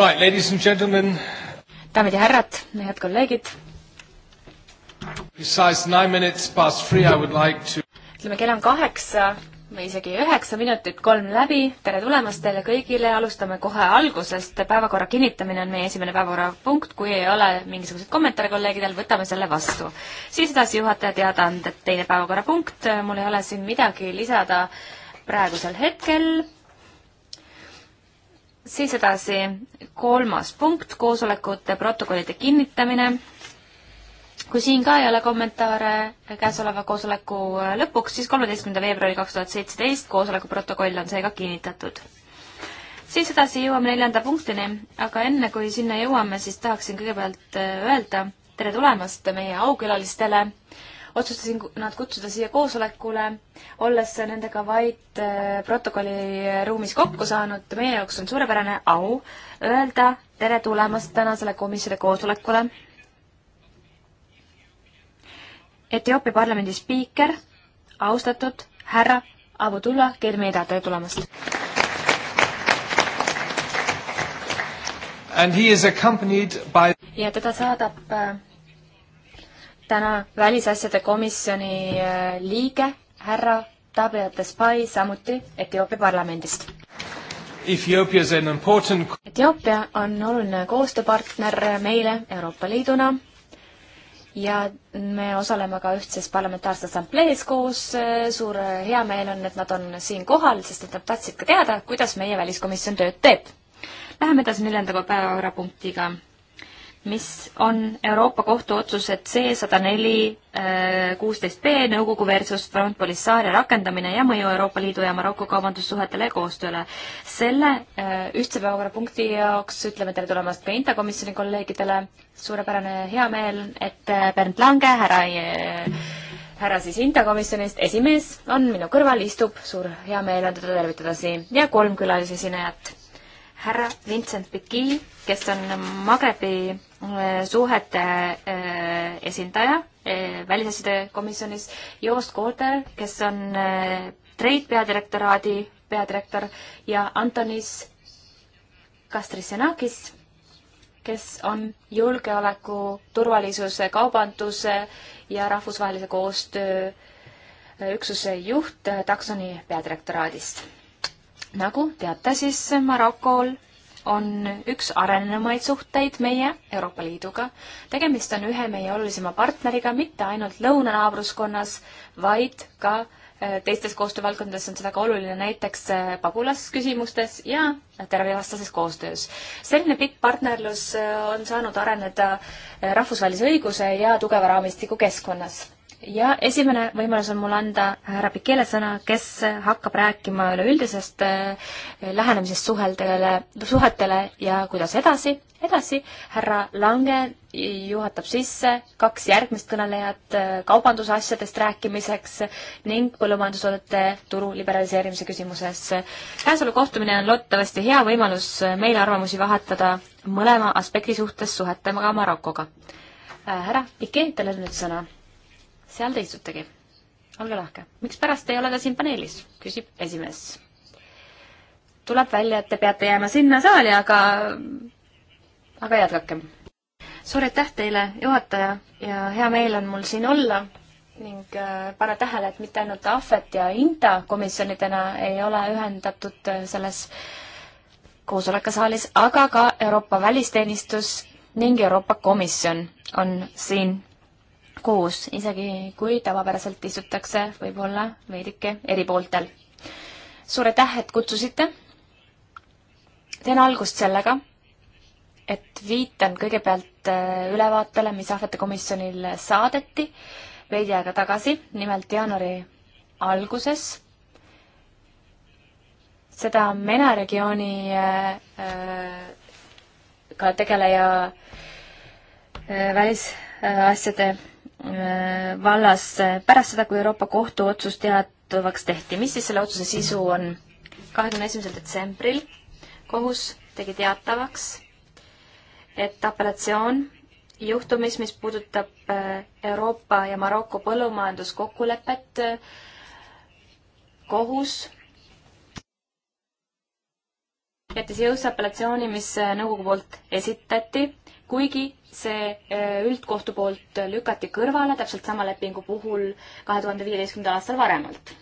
Right, ladies and gentlemen. daamid ja härrad, head kolleegid. Precise nine minutes past three I would like to ütleme, kell on kaheksa või isegi üheksa minutit kolm läbi. tere tulemast teile kõigile, alustame kohe algusest. päevakorra kinnitamine on meie esimene päevakorrapunkt, kui ei ole mingisuguseid kommentaare kolleegidel, võtame selle vastu. siis edasi juhataja teadaanded, teine päevakorrapunkt, mul ei ole siin midagi lisada praegusel hetkel siis edasi kolmas punkt, koosolekute protokollide kinnitamine. kui siin ka ei ole kommentaare käesoleva koosoleku lõpuks, siis kolmeteistkümnenda veebruari kaks tuhat seitseteist koosoleku protokoll on seega kinnitatud. siis edasi jõuame neljanda punktini, aga enne kui sinna jõuame, siis tahaksin kõigepealt öelda tere tulemast meie aukülalistele äh, otsustasin nad kutsuda siia koosolekule, olles nendega vaid äh, protokolli ruumis kokku saanud. meie jaoks on suurepärane au öelda tere tulemast tänasele komisjoni koosolekule. Etioopia parlamendi spiiker, austatud härra Abdullah Kermeda, tere tulemast! and he is accompanied by ja teda saadab äh, täna Välisasjade komisjoni äh, liige härra Tabea Tespai, samuti Etioopia parlamendist. Important... Etioopia on oluline koostööpartner meile Euroopa Liiduna ja me osaleme ka ühtses parlamentaarses assamblees koos. Äh, suur äh, heameel on, et nad on siin kohal, sest et nad tahtsid ka teada, kuidas meie väliskomisjon tööd teeb. Läheme edasi neljanda päevakorrapunktiga mis on Euroopa Kohtu otsused C sada neli äh, kuusteist B nõukogu versus Front Polisaria rakendamine ja mõju Euroopa Liidu ja Maroko kaubandussuhetele ja koostööle. selle äh, ühtse päevakorrapunkti jaoks ütleme tere tulemast ka Inta komisjoni kolleegidele. suurepärane heameel, et äh, Bernd Lange, härra härra siis Inta komisjonist, esimees on minu kõrval, istub, suur heameel on teda tervitada siin ja kolm külalisesinejat. härra Vincent Piki, kes on Magrebi Äh, suhete äh, esindaja äh, välisasjade komisjonis, Joost Kooder, kes on Trade peadirektoraadi peadirektor ja Antonis Kastrisenakis, kes on julgeoleku, turvalisuse, kaubanduse ja rahvusvahelise koostöö üksuse juht Taksoni peadirektoraadist. nagu teate, siis Marokol on üks arenenumaid suhteid meie Euroopa Liiduga. tegemist on ühe meie olulisema partneriga mitte ainult lõunanaabruskonnas, vaid ka äh, teistes koostöövaldkondades on seda ka oluline näiteks äh, pagulasküsimustes ja tervevastases koostöös. selline pikk partnerlus äh, on saanud areneda rahvusvahelise õiguse ja tugeva raamistiku keskkonnas ja esimene võimalus on mul anda härra Pikele sõna, kes hakkab rääkima üleüldisest äh, lähenemisest suheldele, suhetele ja kuidas edasi. edasi härra Lange juhatab sisse kaks järgmist kõnelejat äh, kaubandusasjadest rääkimiseks ning põllumajandustoodete turu liberaliseerimise küsimuses. käesolev kohtumine on loodetavasti hea võimalus äh, meil arvamusi vahetada mõlema aspekti suhtes suhetega Marokoga. härra Pike, teil on nüüd sõna seal te istutegi. olge lahke. mikspärast ei ole ta siin paneelis? küsib esimees. tuleb välja, et te peate jääma sinna saali, aga, aga jätkake. suur aitäh teile, juhataja, ja hea meel on mul siin olla ning äh, pane tähele, et mitte ainult Ahvet ja Inta komisjonidena ei ole ühendatud äh, selles koosolekasaalis, aga ka Euroopa Välisteenistus ning Euroopa Komisjon on siin koos, isegi kui tavapäraselt istutakse võib-olla veidike eri pooltel. suur aitäh, et kutsusite. teen algust sellega, et viitan kõigepealt äh, ülevaatele, mis ahvete komisjonil saadeti veidi aega tagasi, nimelt jaanuari alguses. seda MENA regiooni äh, äh ka tegeleja äh, välisasjade äh, Äh, vallas pärast seda, kui Euroopa Kohtu otsus teatavaks tehti. mis siis selle otsuse sisu on? kahekümne esimesel detsembril kohus tegi teatavaks, et apellatsioon juhtumis, mis puudutab äh, Euroopa ja Maroko põllumajanduskokkulepet, äh, kohus jättis jõusse apellatsiooni, mis nõukogu poolt esitati, kuigi see äh, üldkohtu poolt lükati kõrvale täpselt sama lepingu puhul kahe tuhande viieteistkümnendal aastal varemalt.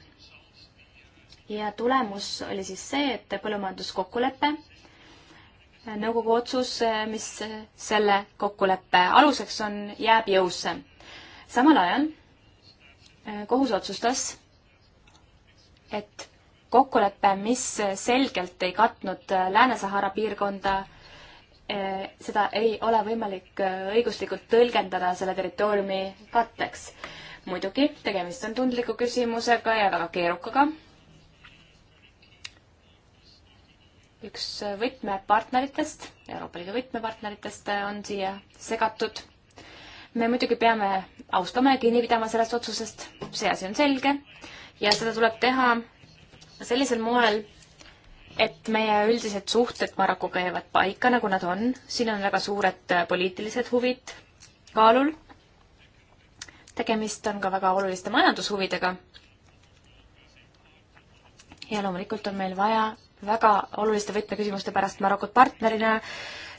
ja tulemus oli siis see, et põllumajanduskokkulepe, äh, nõukogu otsus, äh, mis selle kokkuleppe aluseks on, jääb jõusse. samal ajal kohus otsustas, et kokkulepe, mis selgelt ei katnud Lääne-Sahara piirkonda, Eh, seda ei ole võimalik eh, õiguslikult tõlgendada selle territooriumi katteks. muidugi, tegemist on tundliku küsimusega ja väga keerukaga. üks võtmepartneritest, Euroopa Liidu võtmepartneritest eh, on siia segatud. me muidugi peame austama ja kinni pidama sellest otsusest, see asi on selge ja seda tuleb teha sellisel moel, et meie üldised suhted Marokoga jäävad paika, nagu nad on, siin on väga suured äh, poliitilised huvid kaalul. tegemist on ka väga oluliste majandushuvidega. ja loomulikult on meil vaja väga oluliste võtmeküsimuste pärast Marokot partnerina,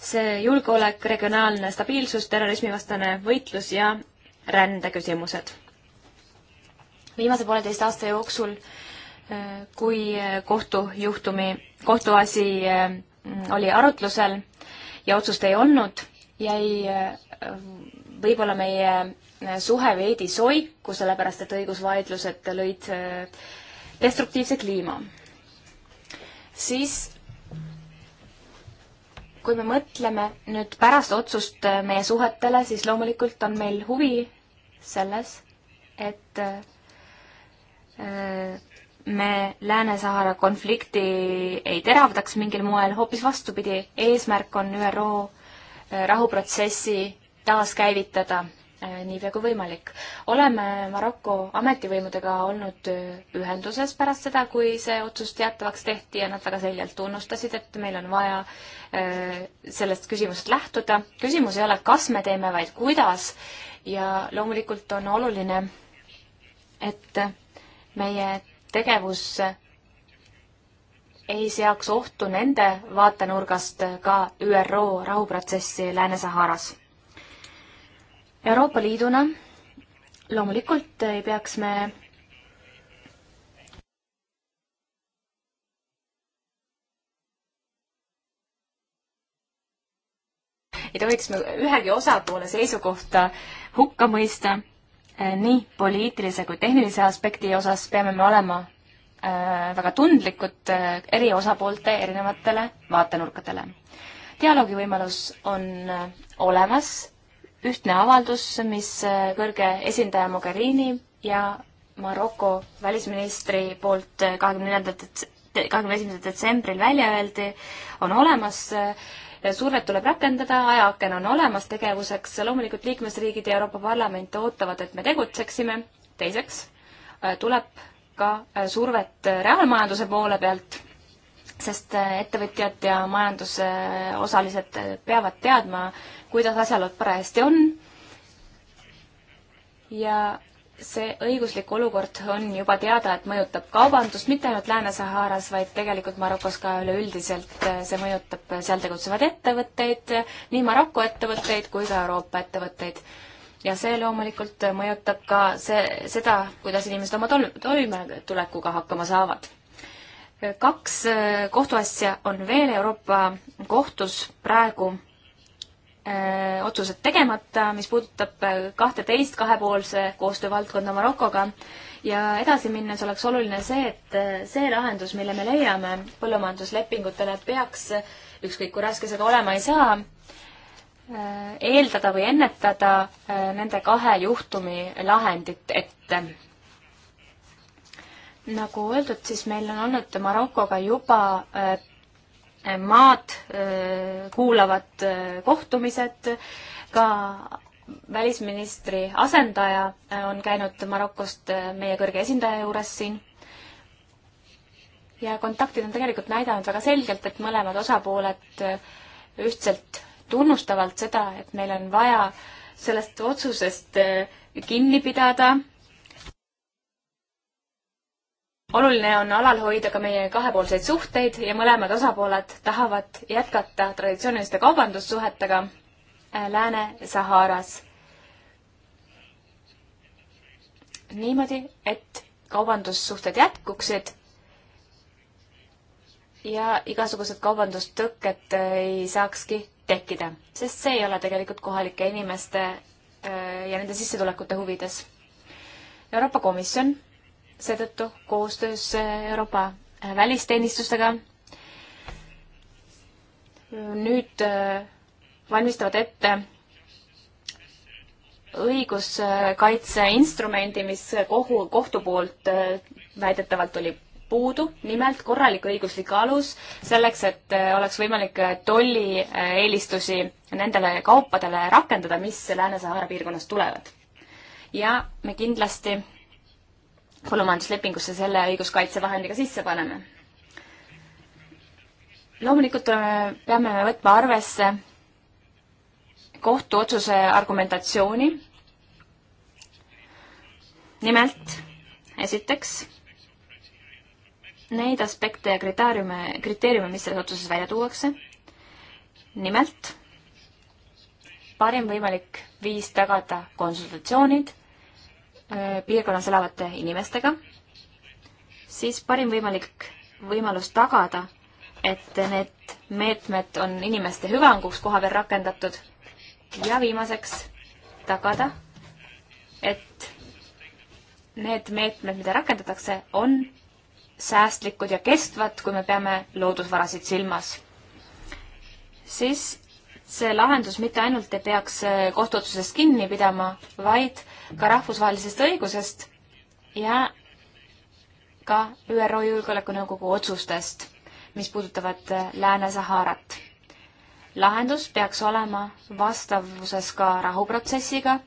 see julgeolek, regionaalne stabiilsus, terrorismivastane võitlus ja rändeküsimused. viimase pooleteist aasta jooksul äh, kui kohtujuhtumi, kohtuasi mm, oli arutlusel ja otsust ei olnud, jäi äh, võib-olla meie äh, suhe veidi soiku, sellepärast et õigusvaidlused lõid äh, destruktiivse kliima. siis kui me mõtleme nüüd pärast otsust meie suhetele, siis loomulikult on meil huvi selles, et me Lääne-Sahara konflikti ei teravdaks mingil moel, hoopis vastupidi, eesmärk on ÜRO äh, rahuprotsessi taaskäivitada äh, niipea kui võimalik. oleme Maroko ametivõimudega olnud äh, ühenduses pärast seda, kui see otsus teatavaks tehti ja nad väga selgelt tunnustasid, et meil on vaja sellest küsimusest lähtuda. küsimus ei ole, kas me teeme, vaid kuidas ja loomulikult on oluline, et meie tegevus ei seaks ohtu nende vaatenurgast ka ÜRO rahuprotsessi Lääne-Saharas. Euroopa Liiduna loomulikult ei peaks me ei tohiks me ühegi osapoole seisukohta hukka mõista Äh, nii poliitilise kui tehnilise aspekti osas peame me olema äh, väga tundlikud äh, eri osapoolte erinevatele vaatenurkadele. dialoogi võimalus on olemas, ühtne avaldus, mis kõrge esindaja Mogherini ja Maroko välisministri poolt kahekümne neljandat, kahekümne esimesel detsembril välja öeldi, on olemas survet tuleb rakendada, ajaaken on olemas tegevuseks, loomulikult liikmesriigid ja Euroopa Parlament ootavad, et me tegutseksime, teiseks äh, tuleb ka äh, survet äh, reaalmajanduse poole pealt, sest ettevõtjad ja majandusosalised peavad teadma, kuidas asjalood parajasti on ja see õiguslik olukord on juba teada, et mõjutab kaubandust mitte ainult Lääne-Saharas, vaid tegelikult Marokos ka üleüldiselt. see mõjutab seal tegutsevaid ettevõtteid, nii Maroko ettevõtteid kui ka Euroopa ettevõtteid. ja see loomulikult mõjutab ka see, seda, kuidas inimesed oma tol-, toimetulekuga hakkama saavad. kaks kohtuasja on veel Euroopa kohtus praegu Äh, otsused tegemata, mis puudutab äh, kahteteist kahepoolse koostöövaldkonda Marokoga. ja edasi minnes oleks oluline see, et äh, see lahendus, mille me leiame põllumajanduslepingutele, peaks, ükskõik kui raske see ka olema ei saa, eeldada või ennetada nende kahe juhtumi lahendit ette. nagu öeldud, siis meil on olnud Marokoga juba maad kuulavad kohtumised, ka välisministri asendaja on käinud Marokost meie kõrge esindaja juures siin ja kontaktid on tegelikult näidanud väga selgelt, et mõlemad osapooled ühtselt tunnustavalt seda, et meil on vaja sellest otsusest kinni pidada oluline on alal hoida ka meie kahepoolseid suhteid ja mõlemad osapooled tahavad jätkata traditsiooniliste kaubandussuhetega äh, Lääne-Saharas. niimoodi, et kaubandussuhted jätkuksid ja igasugused kaubandustõkked äh, ei saakski tekkida, sest see ei ole tegelikult kohalike inimeste äh, ja nende sissetulekute huvides. Euroopa Komisjon seetõttu koostöös Euroopa välisteenistustega nüüd äh, valmistavad ette õiguskaitseinstrumendi, mis kohu, kohtu poolt äh, väidetavalt oli puudu, nimelt korralik õiguslik alus selleks, et äh, oleks võimalik tollieelistusi nendele kaupadele rakendada, mis Lääne-Sahara piirkonnast tulevad. ja me kindlasti põllumajanduslepingusse selle õiguskaitsevahendiga sisse paneme. loomulikult peame me võtma arvesse kohtuotsuse argumentatsiooni. nimelt, esiteks, neid aspekte ja kriteeriume, kriteeriume, mis selles otsuses välja tuuakse. nimelt, parim võimalik viis tagada konsultatsioonid Äh, piirkonnas elavate inimestega, siis parim võimalik võimalus tagada, et need meetmed on inimeste hüvanguks koha peal rakendatud ja viimaseks tagada, et need meetmed, mida rakendatakse, on säästlikud ja kestvad, kui me peame loodusvarasid silmas. siis see lahendus mitte ainult ei peaks äh, kohtuotsusest kinni pidama, vaid ka rahvusvahelisest õigusest ja ka ÜRO Julgeolekunõukogu otsustest, mis puudutavad äh, Lääne-Saharat. lahendus peaks olema vastavuses ka rahuprotsessiga,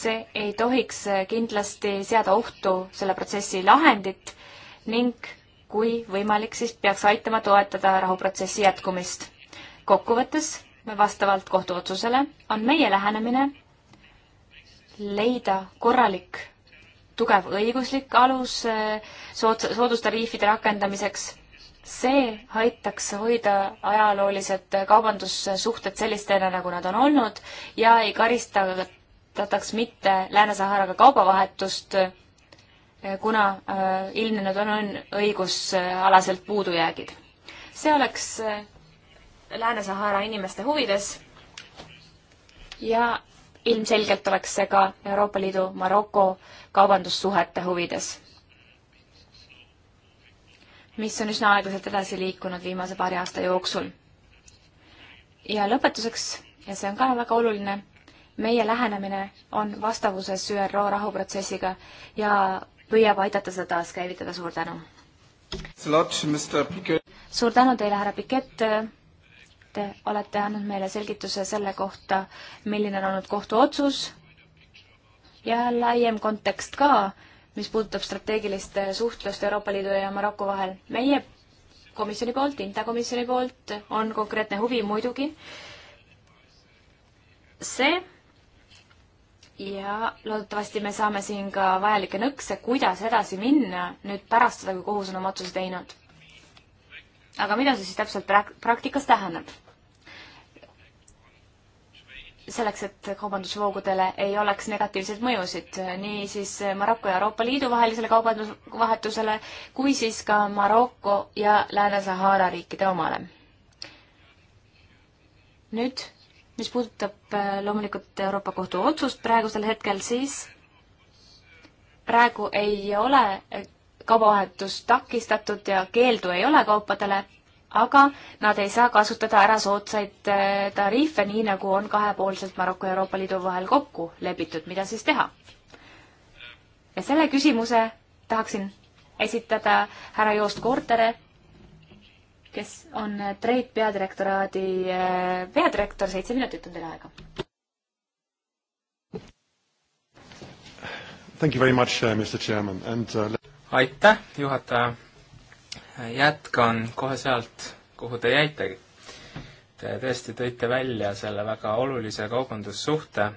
see ei tohiks äh, kindlasti seada ohtu selle protsessi lahendit ning kui võimalik, siis peaks aitama toetada rahuprotsessi jätkumist. kokkuvõttes vastavalt kohtuotsusele, on meie lähenemine leida korralik tugev õiguslik alus eh, sood-, soodustariifide rakendamiseks. see aitaks hoida ajaloolised kaubandussuhted sellistena, nagu nad on olnud ja ei karistataks mitte Lääne-Saharaga kaubavahetust, eh, kuna eh, ilmnenud on, on õigusalaselt puudujäägid. see oleks Lääne-Sahara inimeste huvides ja ilmselgelt oleks see ka Euroopa Liidu Maroko kaubandussuhete huvides, mis on üsna aeglaselt edasi liikunud viimase paari aasta jooksul. ja lõpetuseks, ja see on ka väga oluline, meie lähenemine on vastavuses ÜRO rahuprotsessiga ja püüab aidata seda taaskäivitada, suur tänu! suur tänu teile, härra Pikett! Te olete andnud meile selgituse selle kohta, milline on olnud kohtuotsus ja laiem kontekst ka, mis puudutab strateegilist suhtlust Euroopa Liidu ja Maroko vahel. meie komisjoni poolt, Inta komisjoni poolt on konkreetne huvi muidugi see ja loodetavasti me saame siin ka vajalikke nõkse, kuidas edasi minna nüüd pärast seda, kui kohus on oma otsuse teinud aga mida see siis täpselt prak-, praktikas tähendab? selleks, et kaubandusvoogudele ei oleks negatiivseid mõjusid nii siis Maroko ja Euroopa Liidu vahelisele kaubandusvahetusele kui siis ka Maroko ja Lääne-Sahara riikide omale. nüüd, mis puudutab äh, loomulikult Euroopa Kohtu otsust praegusel hetkel, siis praegu ei ole kaubavahetus takistatud ja keeldu ei ole kaupadele, aga nad ei saa kasutada ära soodsaid äh, tariife, nii nagu on kahepoolselt Maroko ja Euroopa Liidu vahel kokku lepitud, mida siis teha? ja selle küsimuse tahaksin esitada härra Joost Kortere, kes on Trade peadirektoraadi äh, peadirektor, seitse minutit on teil aega. Thank you very much, uh, Mr Chairman and uh, aitäh, juhataja. jätkan kohe sealt, kuhu te jäitegi. Te tõesti tõite välja selle väga olulise kaubandussuhte,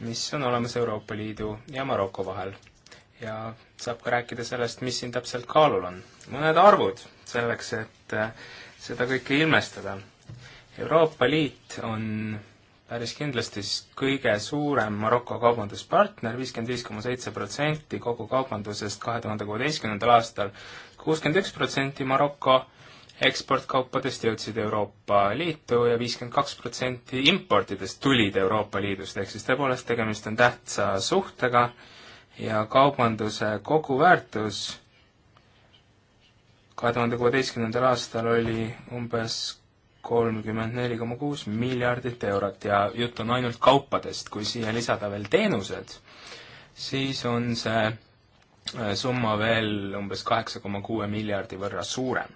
mis on olemas Euroopa Liidu ja Maroko vahel. ja saab ka rääkida sellest, mis siin täpselt kaalul on. mõned arvud selleks, et seda kõike ilmestada. Euroopa Liit on päris kindlasti siis kõige suurem Maroko kaubanduspartner, viiskümmend viis koma seitse protsenti kogu kaubandusest kahe tuhande kuueteistkümnendal aastal, kuuskümmend üks protsenti Maroko eksportkaupadest jõudsid Euroopa Liitu ja viiskümmend kaks protsenti importidest tulid Euroopa Liidust, ehk siis tõepoolest tegemist on tähtsa suhtega ja kaubanduse koguväärtus kahe tuhande kuueteistkümnendal aastal oli umbes kolmkümmend neli koma kuus miljardit eurot ja jutt on ainult kaupadest, kui siia lisada veel teenused, siis on see äh, summa veel umbes kaheksa koma kuue miljardi võrra suurem.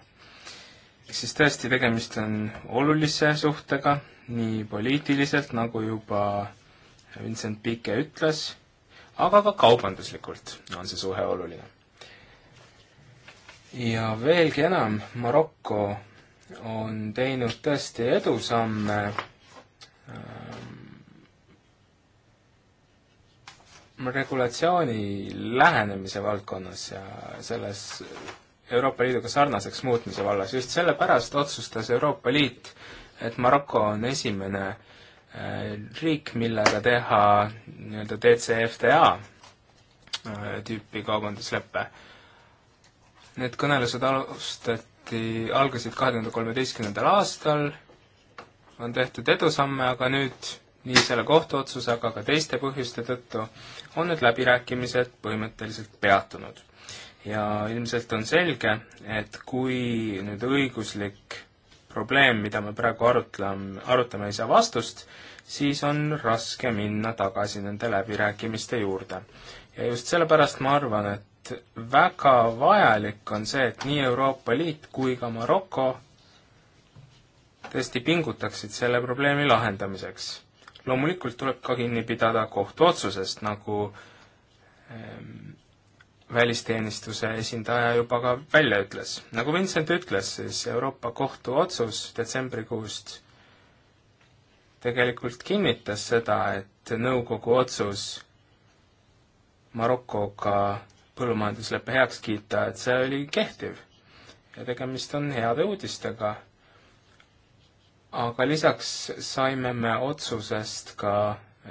ehk siis tõesti, tegemist on olulise suhtega, nii poliitiliselt, nagu juba Vincent Pike ütles, aga ka kaubanduslikult on see suhe oluline. ja veelgi enam, Maroko on teinud tõesti edusamme ähm, regulatsiooni lähenemise valdkonnas ja selles Euroopa Liiduga sarnaseks muutmise vallas. just sellepärast otsustas Euroopa Liit, et Maroko on esimene äh, riik, millega teha nii-öelda DCFTA äh, tüüpi kaubanduslepe. Need kõnelused alustati alati, algasid kahe tuhande kolmeteistkümnendal aastal, on tehtud edusamme, aga nüüd nii selle kohtuotsuse, aga ka teiste põhjuste tõttu on need läbirääkimised põhimõtteliselt peatunud. ja ilmselt on selge, et kui nüüd õiguslik probleem, mida me praegu arutleme, arutame, ei saa vastust, siis on raske minna tagasi nende läbirääkimiste juurde. ja just sellepärast ma arvan, et et väga vajalik on see, et nii Euroopa Liit kui ka Maroko tõesti pingutaksid selle probleemi lahendamiseks. loomulikult tuleb ka kinni pidada kohtuotsusest, nagu ähm, välisteenistuse esindaja juba ka välja ütles. nagu Vincent ütles, siis Euroopa Kohtu otsus detsembrikuust tegelikult kinnitas seda, et nõukogu otsus Marokoga põllumajanduslepe heaks kiita, et see oli kehtiv. ja tegemist on heade uudistega. aga lisaks saime me otsusest ka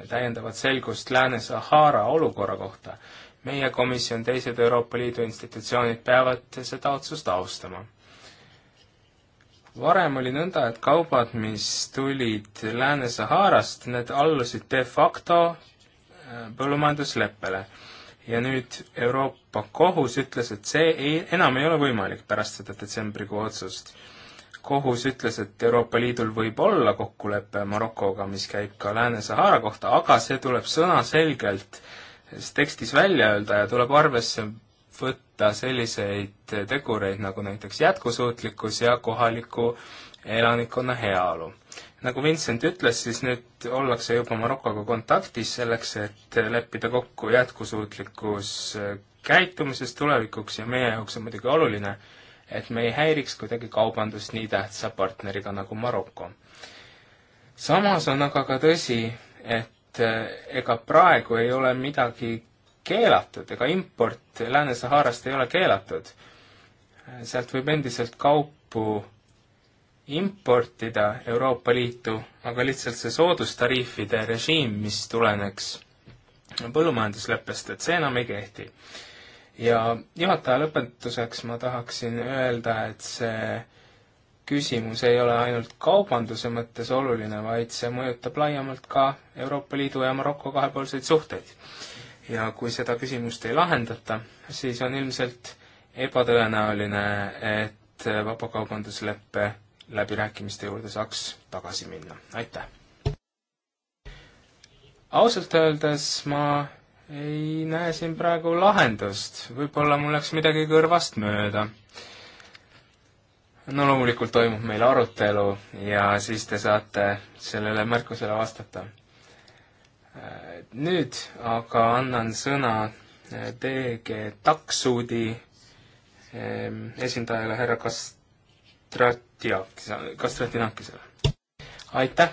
täiendavat selgust Lääne-Sahara olukorra kohta. meie komisjon, teised Euroopa Liidu institutsioonid peavad seda otsust austama varem oli nõnda, et kaubad, mis tulid Lääne-Saharast, need allusid de facto äh, põllumajandusleppele ja nüüd Euroopa Kohus ütles, et see ei, enam ei ole võimalik pärast seda detsembrikuu otsust. kohus ütles, et Euroopa Liidul võib olla kokkulepe Marokoga, mis käib ka Lääne-Sahara kohta, aga see tuleb sõnaselgelt tekstis välja öelda ja tuleb arvesse võtta selliseid tegureid nagu näiteks jätkusuutlikkus ja kohaliku elanikkonna heaolu nagu Vincent ütles, siis nüüd ollakse juba Marokoga kontaktis selleks, et leppida kokku jätkusuutlikus äh, käitumises tulevikuks ja meie jaoks on muidugi oluline, et me ei häiriks kuidagi kaubandust nii tähtsa partneriga nagu Maroko. samas on aga ka tõsi, et äh, ega praegu ei ole midagi keelatud, ega import Lääne-Saharast ei ole keelatud. Äh, sealt võib endiselt kaupu importida Euroopa Liitu, aga lihtsalt see soodustariifide režiim, mis tuleneks põllumajandusleppest, et see enam ei kehti. ja juhataja lõpetuseks ma tahaksin öelda, et see küsimus ei ole ainult kaubanduse mõttes oluline, vaid see mõjutab laiemalt ka Euroopa Liidu ja Maroko kahepoolseid suhteid. ja kui seda küsimust ei lahendata, siis on ilmselt ebatõenäoline, et vabakaubandusleppe läbirääkimiste juurde saaks tagasi minna, aitäh! ausalt öeldes ma ei näe siin praegu lahendust, võib-olla mul läks midagi kõrvast mööda. no loomulikult toimub meil arutelu ja siis te saate sellele märkusele vastata. nüüd aga annan sõna eh, TG Taksuudi eh, esindajale härra Kastrat-, Tiak-, Kastratinakisele. aitäh!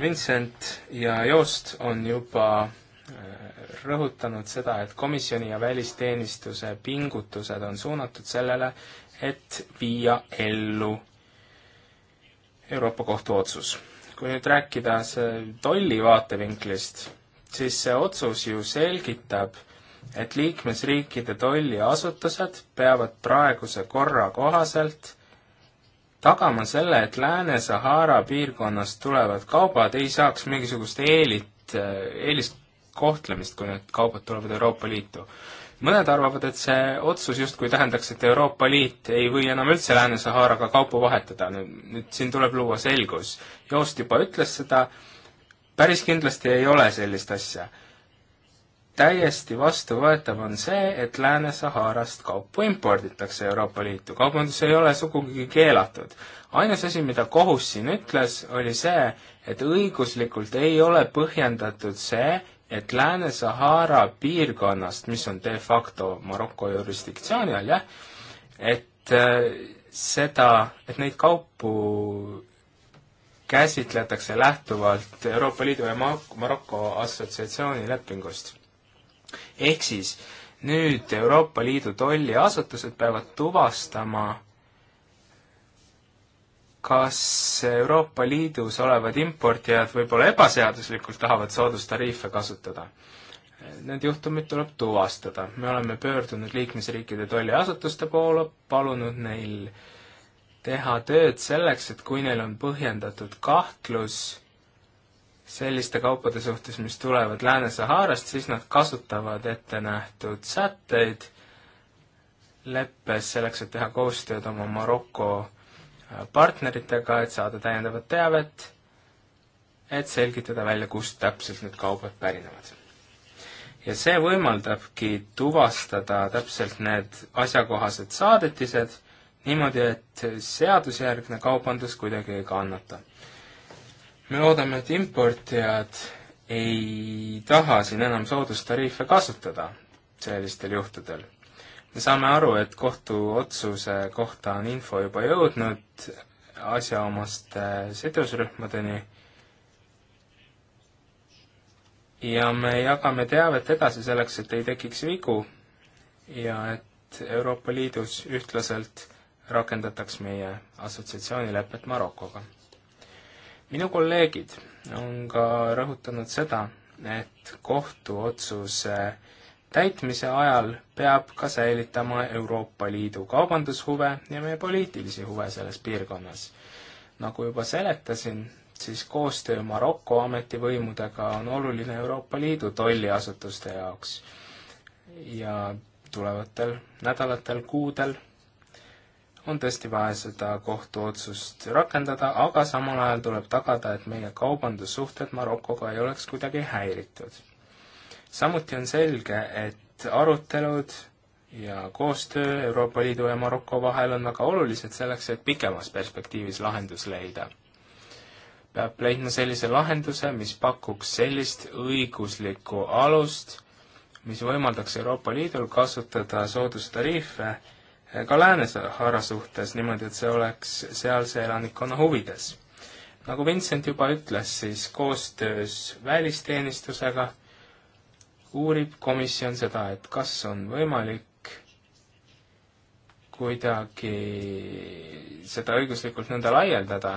Vincent ja Joost on juba äh, rõhutanud seda, et komisjoni ja välisteenistuse pingutused on suunatud sellele, et viia ellu Euroopa Kohtu otsus. kui nüüd rääkida see tolli vaatevinklist, siis see otsus ju selgitab, et liikmesriikide tolliasutused peavad praeguse korra kohaselt tagama selle, et Lääne-Sahara piirkonnast tulevad kaubad ei saaks mingisugust eelit, eeliskohtlemist, kui need kaubad tulevad Euroopa Liitu. mõned arvavad, et see otsus justkui tähendaks, et Euroopa Liit ei või enam üldse Lääne-Saharaga kaupu vahetada, nüüd, nüüd siin tuleb luua selgus. Joost juba ütles seda, päris kindlasti ei ole sellist asja täiesti vastuvõetav on see, et Lääne-Saharast kaupu imporditakse Euroopa Liitu, kaubandus ei ole sugugi keelatud. ainus asi, mida kohus siin ütles, oli see, et õiguslikult ei ole põhjendatud see, et Lääne-Sahara piirkonnast, mis on de facto Maroko jurisdiktsiooni all, jah, et äh, seda, et neid kaupu käsitletakse lähtuvalt Euroopa Liidu ja Maroko assotsiatsiooni lepingust ehk siis nüüd Euroopa Liidu tolliasutused peavad tuvastama, kas Euroopa Liidus olevad importijad võib-olla ebaseaduslikult tahavad soodustariife kasutada. Need juhtumid tuleb tuvastada. me oleme pöördunud liikmesriikide tolliasutuste poole, palunud neil teha tööd selleks, et kui neil on põhjendatud kahtlus, selliste kaupade suhtes, mis tulevad Lääne-Saharast, siis nad kasutavad ettenähtud sätteid leppes selleks, et teha koostööd oma Maroko äh, partneritega, et saada täiendavat teavet, et selgitada välja, kust täpselt need kaubad pärinevad. ja see võimaldabki tuvastada täpselt need asjakohased saadetised niimoodi, et seadusjärgne kaubandus kuidagi ei kannata ka me loodame, et importijad ei taha siin enam soodustariife kasutada sellistel juhtudel. me saame aru, et kohtuotsuse kohta on info juba jõudnud asjaomaste sidusrühmadeni ja me jagame teavet edasi selleks, et ei tekiks vigu ja et Euroopa Liidus ühtlaselt rakendataks meie assotsiatsioonilepet Marokoga minu kolleegid on ka rõhutanud seda, et kohtuotsuse täitmise ajal peab ka säilitama Euroopa Liidu kaubandushuve ja meie poliitilisi huve selles piirkonnas. nagu juba seletasin, siis koostöö Maroko ametivõimudega on oluline Euroopa Liidu tolliasutuste jaoks ja tulevatel nädalatel, kuudel on tõesti vaja seda kohtuotsust rakendada, aga samal ajal tuleb tagada, et meie kaubandussuhted Marokoga ei oleks kuidagi häiritud. samuti on selge, et arutelud ja koostöö Euroopa Liidu ja Maroko vahel on väga olulised selleks, et pikemas perspektiivis lahendus leida. peab leidma sellise lahenduse, mis pakuks sellist õiguslikku alust, mis võimaldaks Euroopa Liidul kasutada soodustariife ka Lääne-Sahara suhtes niimoodi, et see oleks sealse elanikkonna huvides. nagu Vincent juba ütles, siis koostöös välisteenistusega uurib komisjon seda, et kas on võimalik kuidagi seda õiguslikult nõnda laialdada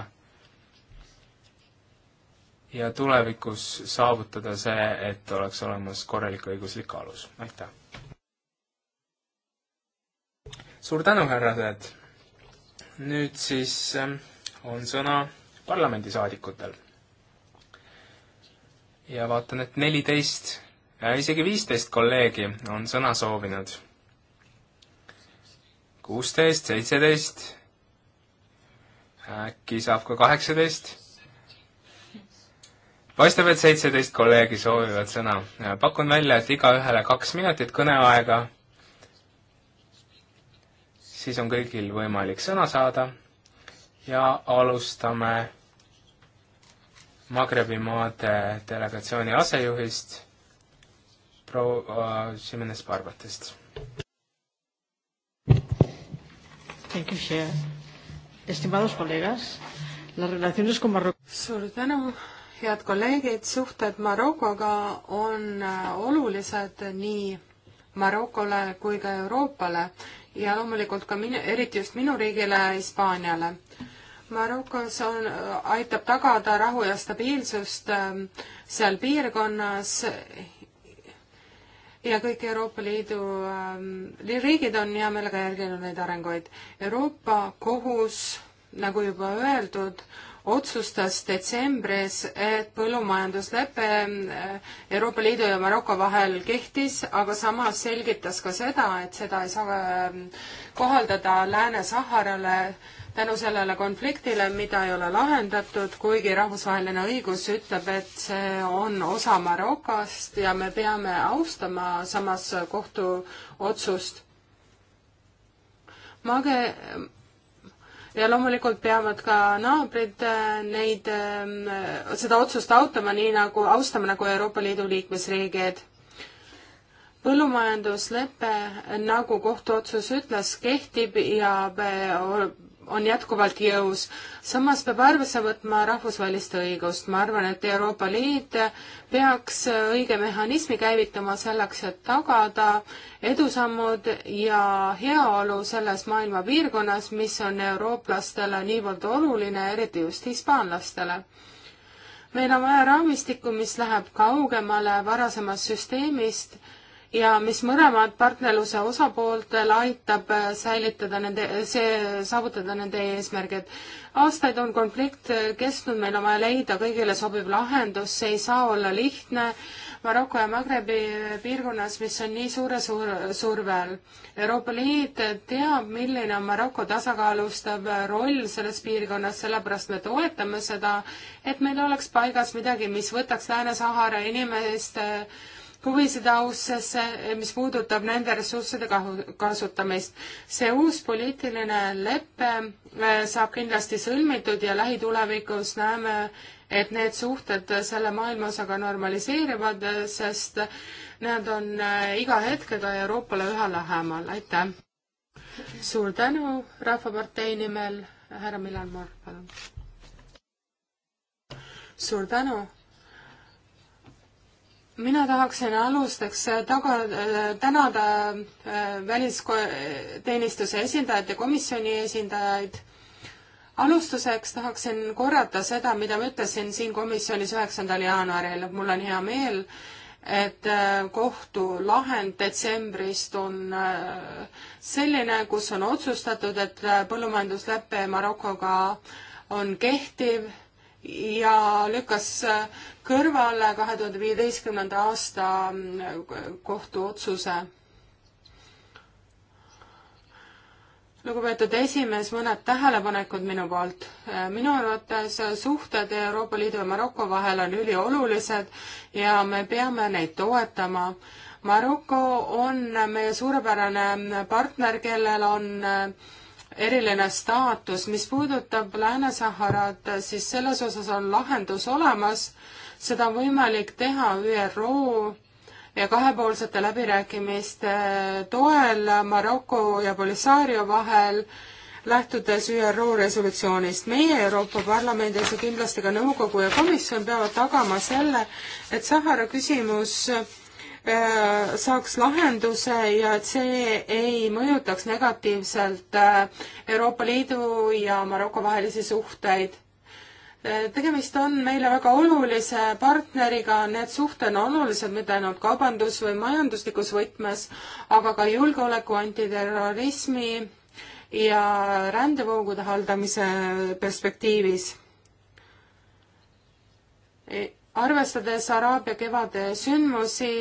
ja tulevikus saavutada see, et oleks olemas korralik õiguslik alus. aitäh! suur tänu, härrased! nüüd siis ähm, on sõna parlamendisaadikutel. ja vaatan, et neliteist ja äh, isegi viisteist kolleegi on sõna soovinud. kuusteist, seitseteist, äkki saab ka kaheksateist? paistab, et seitseteist kolleegi soovivad sõna. Äh, pakun välja, et igaühele kaks minutit kõneaega siis on kõigil võimalik sõna saada ja alustame Magrebi maade delegatsiooni asejuhist proua äh, Simenes Barbatist. suur tänu, head kolleegid, suhted Marokoga on äh, olulised nii Marokole kui ka Euroopale ja loomulikult ka minu, eriti just minu riigile, Hispaaniale. Marokos on, aitab tagada rahu ja stabiilsust ähm, seal piirkonnas ja kõik Euroopa Liidu ähm, riigid on hea meelega järginud neid arenguid. Euroopa Kohus, nagu juba öeldud, otsustas detsembris, et põllumajanduslepe äh, Euroopa Liidu ja Maroko vahel kehtis, aga samas selgitas ka seda, et seda ei saa ähm, kohaldada Lääne-Saharale tänu sellele konfliktile, mida ei ole lahendatud, kuigi rahvusvaheline õigus ütleb, et see on osa Marokost ja me peame austama samas kohtuotsust. Mage ja loomulikult peavad ka naabrid äh, neid, ähm, seda otsust autama, nii nagu, austama nagu Euroopa Liidu liikmesriigid. põllumajanduslepe, nagu kohtuotsus ütles, kehtib ja äh, on jätkuvalt jõus. samas peab arvesse võtma rahvusvahelist õigust. ma arvan, et Euroopa Liit peaks õige mehhanismi käivitama selleks, et tagada edusammud ja heaolu selles maailma piirkonnas, mis on eurooplastele niivõrd oluline, eriti just hispaanlastele meil on vaja raamistikku, mis läheb kaugemale varasemast süsteemist ja mis mõlemad partnerluse osapooltel aitab äh, säilitada nende, see, saavutada nende eesmärgid. aastaid on konflikt äh, kestnud, meil on vaja leida kõigile sobiv lahendus, see ei saa olla lihtne Maroko ja Magrebi äh, piirkonnas, mis on nii suure sur-, surve all. Euroopa Liit teab, milline on Maroko tasakaalustav roll selles piirkonnas, sellepärast me toetame seda, et meil oleks paigas midagi, mis võtaks Lääne-Sahara inimeste äh, huvisid ausse, mis puudutab nende ressursside kasutamist. see uus poliitiline lepe äh, saab kindlasti sõlmitud ja lähitulevikus näeme, et need suhted selle maailmaosaga normaliseerivad, sest nad on äh, iga hetkega Euroopale üha lähemal. aitäh! suur tänu Rahvapartei nimel, härra Milan Moor, palun! suur tänu! mina tahaksin alustaks taga, tänada äh, välisteenistuse esindajaid ja komisjoni esindajaid. alustuseks tahaksin korrata seda, mida ma ütlesin siin komisjonis üheksandal jaanuaril, mul on hea meel, et äh, kohtulahend detsembrist on äh, selline, kus on otsustatud, et põllumajanduslepe Marokoga on kehtiv ja lükkas kõrvale kahe tuhande viieteistkümnenda aasta kohtuotsuse. lugupeetud esimees, mõned tähelepanekud minu poolt. minu arvates suhted Euroopa Liidu ja Maroko vahel on üliolulised ja me peame neid toetama Maroko on meie suurepärane partner, kellel on äh, eriline staatus. mis puudutab Lääne-Saharat, siis selles osas on lahendus olemas, seda on võimalik teha ÜRO ja kahepoolsete läbirääkimiste toel Maroko ja Polisario vahel, lähtudes ÜRO resolutsioonist. meie Euroopa Parlamendis ja kindlasti ka nõukogu ja komisjon peavad tagama selle, et Sahara küsimus Äh, saaks lahenduse ja et see ei mõjutaks negatiivselt äh, Euroopa Liidu ja Maroko vahelisi suhteid. Äh, tegemist on meile väga olulise partneriga, need suhted on olulised mitte ainult kaubandus- või majanduslikus võtmes, aga ka julgeoleku, antiterrorismi ja rändevoogude haldamise perspektiivis e, arvestades Araabia kevade sündmusi,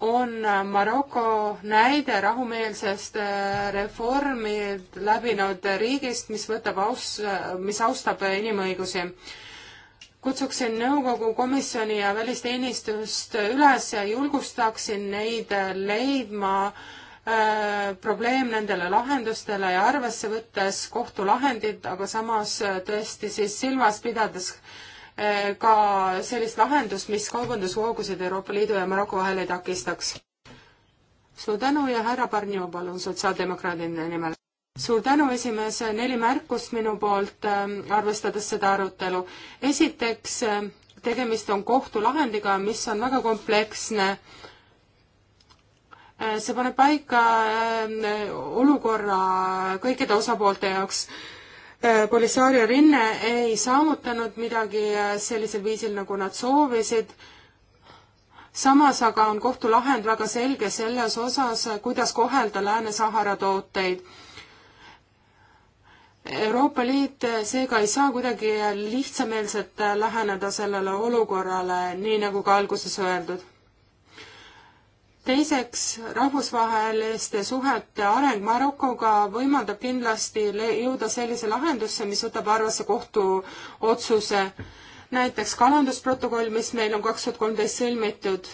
on Maroko näide rahumeelsest äh, reformi läbinud riigist, mis võtab aus, mis austab inimõigusi. kutsuksin nõukogu komisjoni ja välisteenistust üles ja julgustaksin neid leidma äh, probleem nendele lahendustele ja arvesse võttes kohtulahendit, aga samas tõesti siis silmas pidades äh, Äh, ka sellist lahendust, mis kaubandusvoogusid Euroopa Liidu ja Maroko vahel ei takistaks. suur tänu ja härra Barnio, palun, sotsiaaldemokraadide nimel. suur tänu, esimees, neli märkust minu poolt, ähm, arvestades seda arutelu. esiteks, ähm, tegemist on kohtulahendiga, mis on väga kompleksne äh, see paneb paika ähm, olukorra kõikide osapoolte jaoks. Äh, Polisario rinne ei saavutanud midagi äh, sellisel viisil, nagu nad soovisid. samas aga on kohtulahend väga selge selles osas, äh, kuidas kohelda Lääne-Sahara tooteid. Euroopa Liit seega ei saa kuidagi lihtsameelselt läheneda sellele olukorrale, nii nagu ka alguses öeldud teiseks, rahvusvaheliste suhete areng Marokoga võimaldab kindlasti jõuda sellise lahendusse, mis võtab arvesse kohtuotsuse, näiteks kalandusprotokoll, mis meil on kaks tuhat kolmteist sõlmitud.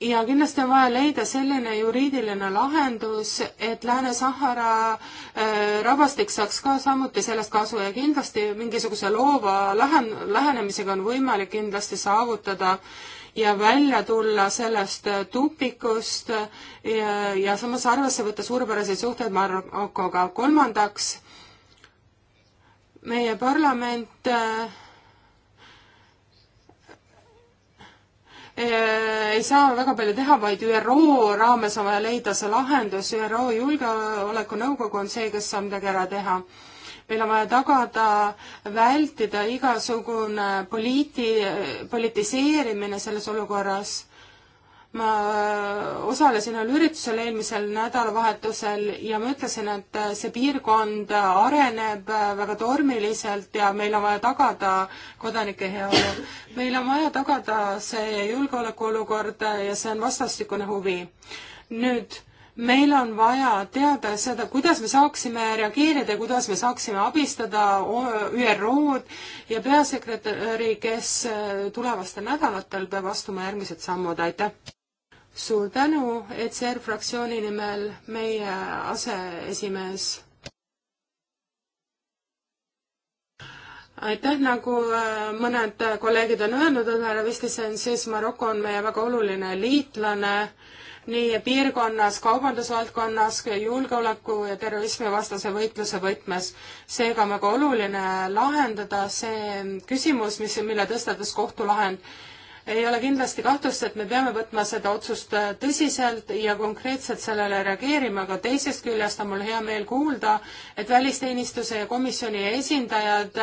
ja kindlasti on vaja leida selline juriidiline lahendus, et Lääne-Sahara äh, rahvastik saaks ka samuti sellest kasu ja kindlasti mingisuguse loova lähen-, lähenemisega on võimalik kindlasti saavutada äh, ja välja tulla sellest tupikust ja, ja samas arvesse võtta suurepäraseid suhteid Marokoga. kolmandaks, meie parlament äh, äh, ei saa väga palju teha, vaid ÜRO raames on vaja leida see lahendus, ÜRO Julgeolekunõukogu on see, kes saab midagi ära teha meil on vaja tagada, vältida igasugune poliiti-, politiseerimine selles olukorras. ma äh, osalesin ühel üritusel eelmisel nädalavahetusel ja ma ütlesin, et äh, see piirkond areneb äh, väga tormiliselt ja meil on vaja tagada kodanike heaolu. meil on vaja tagada see julgeolekuolukord ja see on vastastikune huvi. nüüd meil on vaja teada seda, kuidas me saaksime reageerida ja kuidas me saaksime abistada ÜRO-d ja peasekretäri, kes äh, tulevastel nädalatel peab astuma järgmised sammud, aitäh! suur tänu, ECR fraktsiooni nimel meie aseesimees aitäh, nagu äh, mõned kolleegid on öelnud, härra Vistisen, siis Maroko on meie väga oluline liitlane nii piirkonnas, kaubandusvaldkonnas, julgeoleku ja terrorismivastase võitluse võtmes. seega on väga oluline lahendada see küsimus, mis, mille tõstatas kohtulahend. ei ole kindlasti kahtlust, et me peame võtma seda otsust tõsiselt ja konkreetselt sellele reageerima, aga teisest küljest on mul hea meel kuulda, et välisteenistuse ja komisjoni esindajad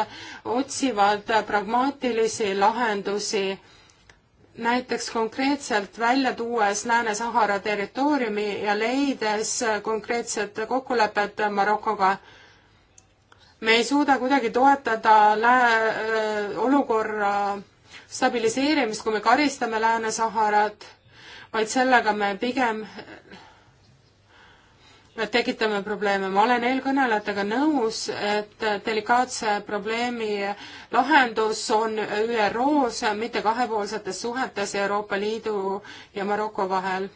otsivad pragmaatilisi lahendusi näiteks konkreetselt välja tuues Lääne-Sahara territooriumi ja leides konkreetsed kokkulepped Marokoga. me ei suuda kuidagi toetada lää-, olukorra stabiliseerimist, kui me karistame Lääne-Saharat, vaid sellega me pigem tekitame probleeme. ma olen eelkõnelejatega nõus, et delikaatse probleemi lahendus on ÜRO-s, mitte kahepoolsetes suhetes Euroopa Liidu ja Maroko vahel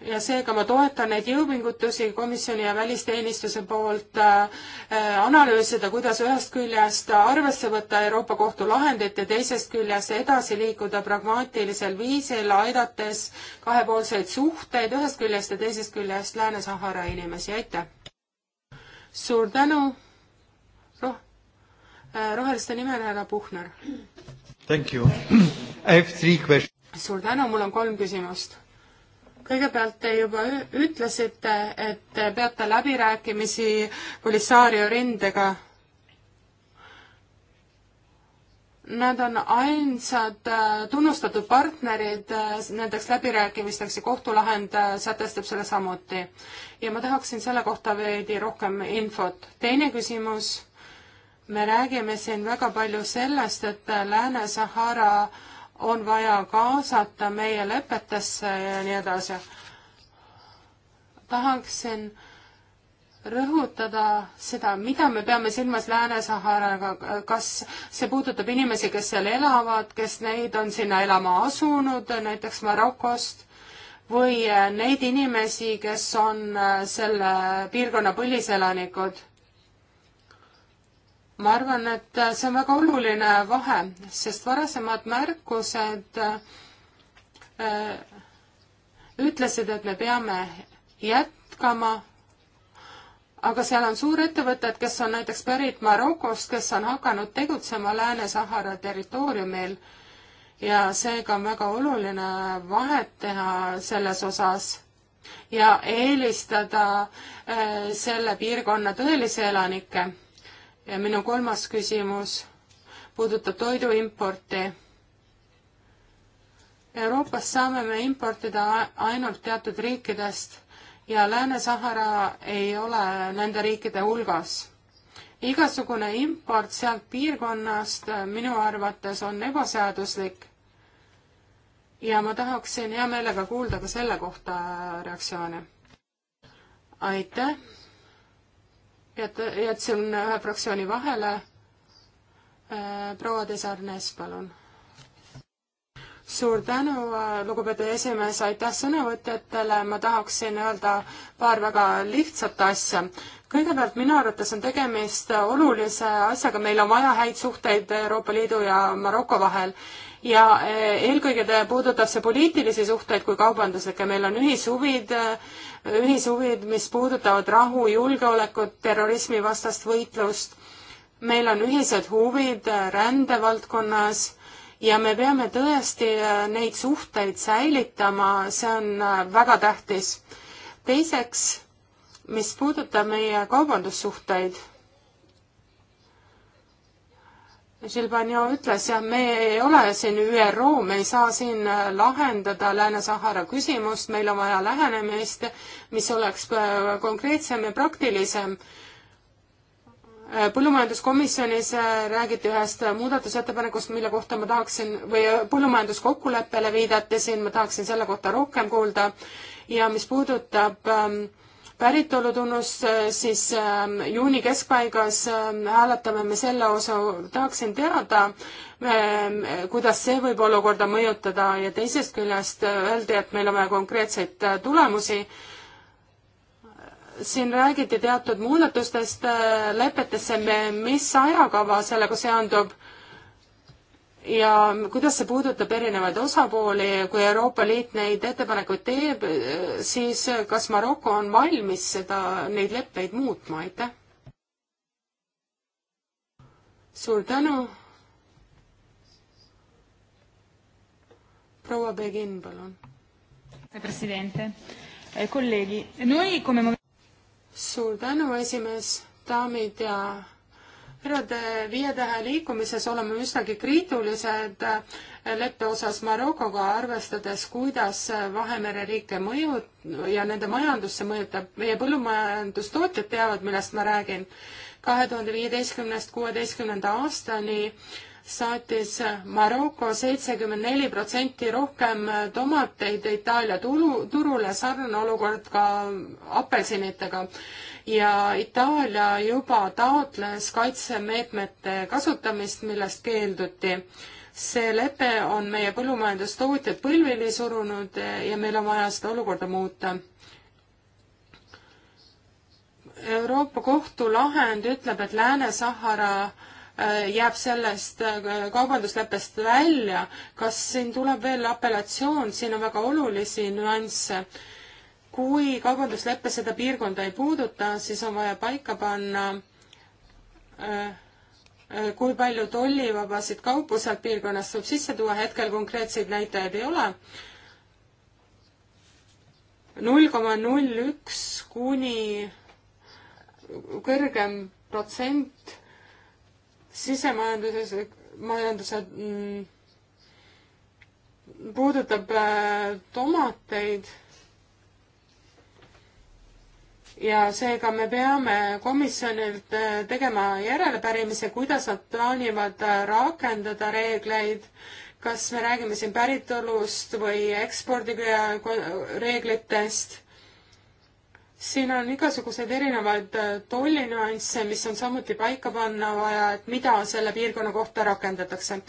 ja seega ma toetan neid jõupingutusi komisjoni ja välisteenistuse poolt äh, äh, analüüsida, kuidas ühest küljest arvesse võtta Euroopa Kohtu lahendit ja teisest küljest edasi liikuda pragmaatilisel viisil, aidates kahepoolseid suhteid ühest küljest ja teisest küljest Lääne-Sahara inimesi, aitäh! suur tänu Roh,! Äh, roheliste nimel härra Puhner. suur tänu, mul on kolm küsimust kõigepealt te juba ütlesite, et peate läbirääkimisi Polisario rindega. Nad on ainsad äh, tunnustatud partnerid äh, nendeks läbirääkimisteks ja kohtulahend äh, sätestab selle samuti. ja ma tahaksin selle kohta veidi rohkem infot. teine küsimus, me räägime siin väga palju sellest, et Lääne-Sahara äh, on vaja kaasata meie lepetesse ja nii edasi. tahaksin rõhutada seda, mida me peame silmas Lääne-Saharaga, kas see puudutab inimesi, kes seal elavad, kes neid on sinna elama asunud, näiteks Marokost, või neid inimesi, kes on selle piirkonna põliselanikud ma arvan, et see on väga oluline vahe, sest varasemad märkused äh, ütlesid, et me peame jätkama, aga seal on suurettevõtted, kes on näiteks pärit Marokost, kes on hakanud tegutsema Lääne-Sahara territooriumil ja seega on väga oluline vahet teha selles osas ja eelistada äh, selle piirkonna tõelisi elanikke ja minu kolmas küsimus puudutab toiduimporti. Euroopast saame me importida ainult teatud riikidest ja Lääne-Sahara ei ole nende riikide hulgas. igasugune import sealt piirkonnast minu arvates on ebaseaduslik. ja ma tahaksin hea meelega kuulda ka selle kohta reaktsioone. aitäh jät-, jätsin ühe fraktsiooni vahele. Äh, proua Desarnes, palun. suur tänu, äh, lugupeetud esimees, aitäh sõnavõtjatele, ma tahaksin öelda paar väga lihtsat asja kõigepealt minu arvates on tegemist olulise asjaga, meil on vaja häid suhteid Euroopa Liidu ja Maroko vahel ja äh, eelkõige puudutab see poliitilisi suhteid kui kaubanduslikke, meil on ühishuvid ühishuvid, mis puudutavad rahu, julgeolekut, terrorismivastast võitlust. meil on ühised huvid äh, rändevaldkonnas ja me peame tõesti äh, neid suhteid säilitama, see on äh, väga tähtis. teiseks, mis puudutab meie kaubandussuhteid Silvanio ütles, jah, me ei ole siin ÜRO, me ei saa siin lahendada Lääne-Sahara küsimust, meil on vaja lähenemist, mis oleks äh, konkreetsem ja praktilisem. Äh, põllumajanduskomisjonis äh, räägiti ühest muudatusettepanekust, mille kohta ma tahaksin või põllumajanduskokkuleppele viidati siin, ma tahaksin selle kohta rohkem kuulda ja mis puudutab ähm, päritolutunnus, siis ähm, juuni keskpaigas ähm, hääletame me selle osa, tahaksin teada, ähm, kuidas see võib olukorda mõjutada ja teisest küljest öeldi, et meil on vaja konkreetseid äh, tulemusi siin räägiti teatud muudatustest äh, lepetesse, mis ajakava sellega seondub ja kuidas see puudutab erinevaid osapooli, kui Euroopa Liit neid ettepanekuid teeb, siis kas Maroko on valmis seda, neid leppeid muutma, aitäh? suur tänu. proua Begin, palun. Eh, suur tänu, esimees, daamid ja perioode äh, viie tähe liikumises oleme üsnagi kriitilised äh, leppe osas Marokoga, arvestades, kuidas äh, Vahemere riike mõju ja nende majandusse mõjutab. meie põllumajandustootjad teavad, millest ma räägin. kahe tuhande viieteistkümnest kuueteistkümnenda aastani saatis Maroko seitsekümmend neli protsenti rohkem tomateid Itaalia tulu, turule, sarnane olukord ka apelsinitega ja Itaalia juba taotles kaitsemeetmete kasutamist, millest keelduti. see lepe on meie põllumajandustootjad põlvili surunud ja meil on vaja seda olukorda muuta. Euroopa Kohtu lahend ütleb, et Lääne-Sahara äh, jääb sellest äh, kaubandusleppest välja, kas siin tuleb veel apellatsioon, siin on väga olulisi nüansse kui kaubanduslepe seda piirkonda ei puuduta, siis on vaja paika panna, äh, äh, kui palju tollivabasid kaupu sealt piirkonnast saab sisse tuua, hetkel konkreetseid näitajaid ei ole. null koma null üks kuni kõrgem protsent sisemajanduses, majanduse mm, puudutab äh, tomateid ja seega me peame komisjonilt äh, tegema järelepärimise, kuidas nad plaanivad äh, rakendada reegleid, kas me räägime siin päritolust või ekspordireeglitest. siin on igasuguseid erinevaid äh, tollinüansse, mis on samuti paika panna vaja, et mida selle piirkonna kohta rakendatakse.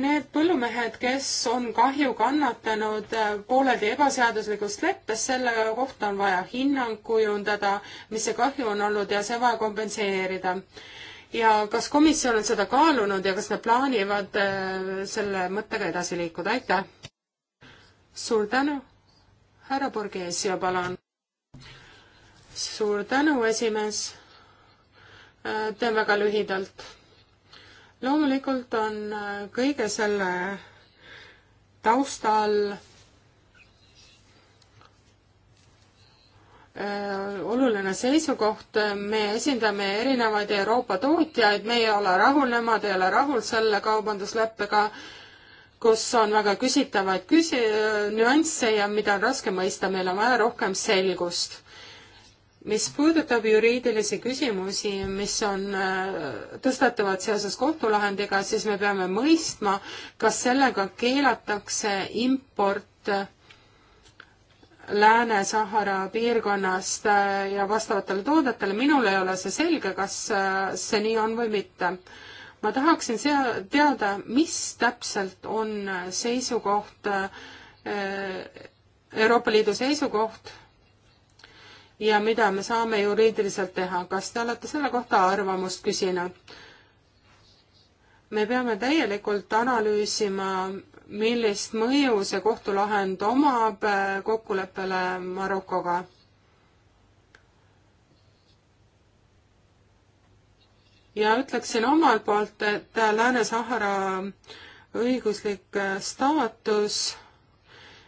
Need põllumehed, kes on kahju kannatanud äh, pooleldi ebaseaduslikust leppest, selle kohta on vaja hinnang kujundada, mis see kahju on olnud ja see vaja kompenseerida. ja kas komisjon on seda kaalunud ja kas nad plaanivad äh, selle mõttega edasi liikuda, aitäh! suur tänu, härra Borgesio, palun! suur tänu, esimees! Äh, teen väga lühidalt loomulikult on äh, kõige selle taustal äh, oluline seisukoht, äh, me esindame erinevaid Euroopa tootjaid, me ei ole rahul, nemad ei ole rahul selle kaubandusleppega, kus on väga küsitavaid küsi-, nüansse ja mida on raske mõista, meil on vaja rohkem selgust mis puudutab juriidilisi küsimusi, mis on, äh, tõstatuvad seoses kohtulahendiga, siis me peame mõistma, kas sellega keelatakse import äh, Lääne-Sahara piirkonnast äh, ja vastavatele toodetele, minul ei ole see selge, kas see nii on või mitte. ma tahaksin sea-, teada, mis täpselt on seisukoht, Euroopa Liidu seisukoht ja mida me saame juriidiliselt teha. kas te olete selle kohta arvamust küsinud? me peame täielikult analüüsima, millist mõju see kohtulahend omab äh, kokkuleppele Marokoga. ja ütleksin omalt poolt, et Lääne-Sahara õiguslik äh, staatus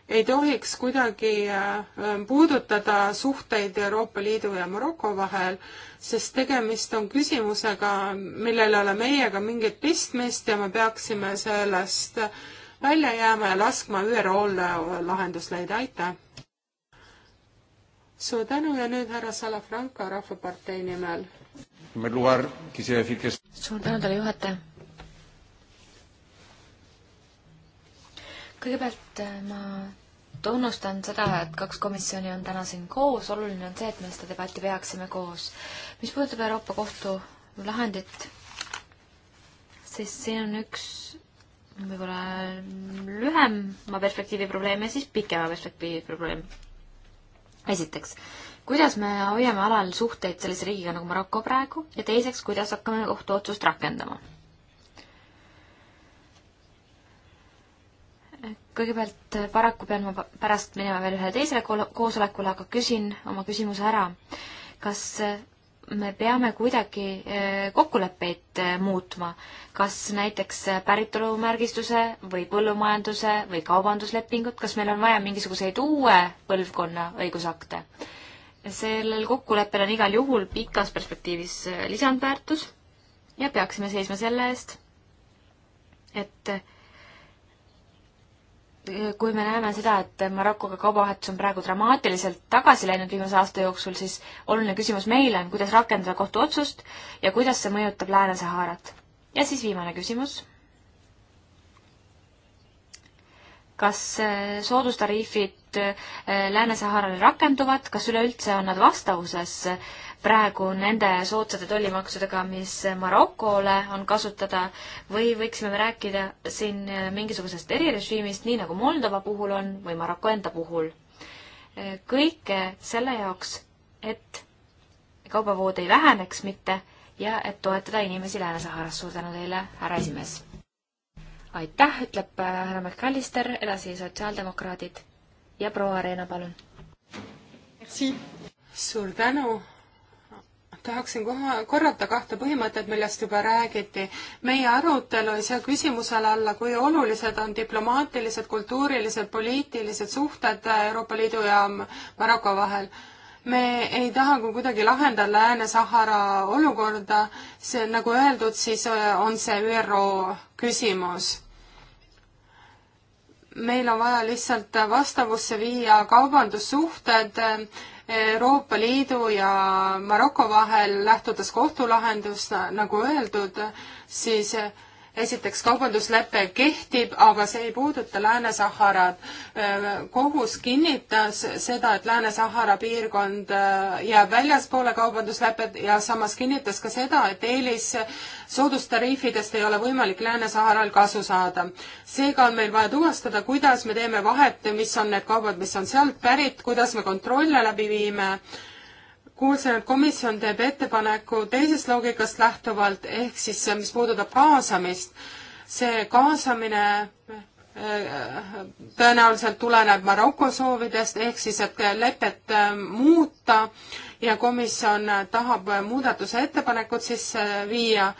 ei tohiks kuidagi äh, puudutada suhteid Euroopa Liidu ja Maroko vahel, sest tegemist on küsimusega, millel ei ole meiega mingit pistmist ja me peaksime sellest välja jääma ja laskma ÜRO-l äh, lahendus leida, aitäh! suur tänu ja nüüd härra Salafranca Rahvapartei nimel. suur tänu teile, juhataja kõigepealt äh, ma tunnustan seda, et kaks komisjoni on täna siin koos, oluline on see, et me seda debatti peaksime koos. mis puudutab Euroopa Kohtu lahendit, siis siin on üks võib-olla lühema perspektiivi probleem ja siis pikema perspektiivi probleem. esiteks, kuidas me hoiame alal suhteid sellise riigiga nagu Maroko praegu ja teiseks, kuidas hakkame kohtuotsust rakendama kõigepealt eh, paraku pean ma pärast minema veel ühele teisele koosolekule, aga küsin oma küsimuse ära. kas eh, me peame kuidagi eh, kokkuleppeid muutma, kas näiteks päritolumärgistuse või põllumajanduse või kaubanduslepingut, kas meil on vaja mingisuguseid uue põlvkonna õigusakte? sellel kokkuleppel on igal juhul pikas perspektiivis lisandväärtus ja peaksime seisma selle eest, et kui me näeme seda, et Marokoga kaubavahetus on praegu dramaatiliselt tagasi läinud viimase aasta jooksul, siis oluline küsimus meile on, kuidas rakendada kohtuotsust ja kuidas see mõjutab Lääne-Saharat. ja siis viimane küsimus. kas eh, soodustariifid Äh, Lääne-Saharale rakenduvad, kas üleüldse on nad vastavuses praegu nende soodsate tollimaksudega, mis Marokole on kasutada, või võiksime me rääkida siin äh, mingisugusest erirežiimist, nii nagu Moldova puhul on või Maroko enda puhul? Äh, kõike selle jaoks, et kaubavood ei väheneks mitte ja et toetada inimesi Lääne-Saharas. suur tänu teile, härra esimees! aitäh, ütleb härra McAllister, edasi sotsiaaldemokraadid ja proua Reena, palun. suur tänu tahaksin kohe korrata kahte põhimõtet, millest juba räägiti. meie arutelu ei saa küsimusele alla, kui olulised on diplomaatilised, kultuurilised, poliitilised suhted Euroopa Liidu ja Maroko vahel. me ei taha ka kuidagi lahendada Lääne-Sahara olukorda, see nagu öeldud, siis äh, on see ÜRO küsimus meil on vaja lihtsalt vastavusse viia kaubandussuhted äh, Euroopa Liidu ja Maroko vahel, lähtudes kohtulahendust, nagu öeldud, siis äh, esiteks kaubanduslepe kehtib, aga see ei puuduta Lääne-Saharat. Äh, kohus kinnitas seda, et Lääne-Sahara piirkond äh, jääb väljaspoole kaubanduslepet ja samas kinnitas ka seda, et eelis soodustariifidest ei ole võimalik Lääne-Saharal kasu saada. seega on meil vaja tuvastada, kuidas me teeme vahet, mis on need kaubad, mis on sealt pärit, kuidas me kontrolle läbi viime kuulsin, et komisjon teeb ettepaneku teisest loogikast lähtuvalt, ehk siis äh, mis puudutab kaasamist, see kaasamine äh, tõenäoliselt tuleneb Maroko soovidest, ehk siis, et lepet äh, muuta ja komisjon tahab muudatuse ettepanekud sisse viia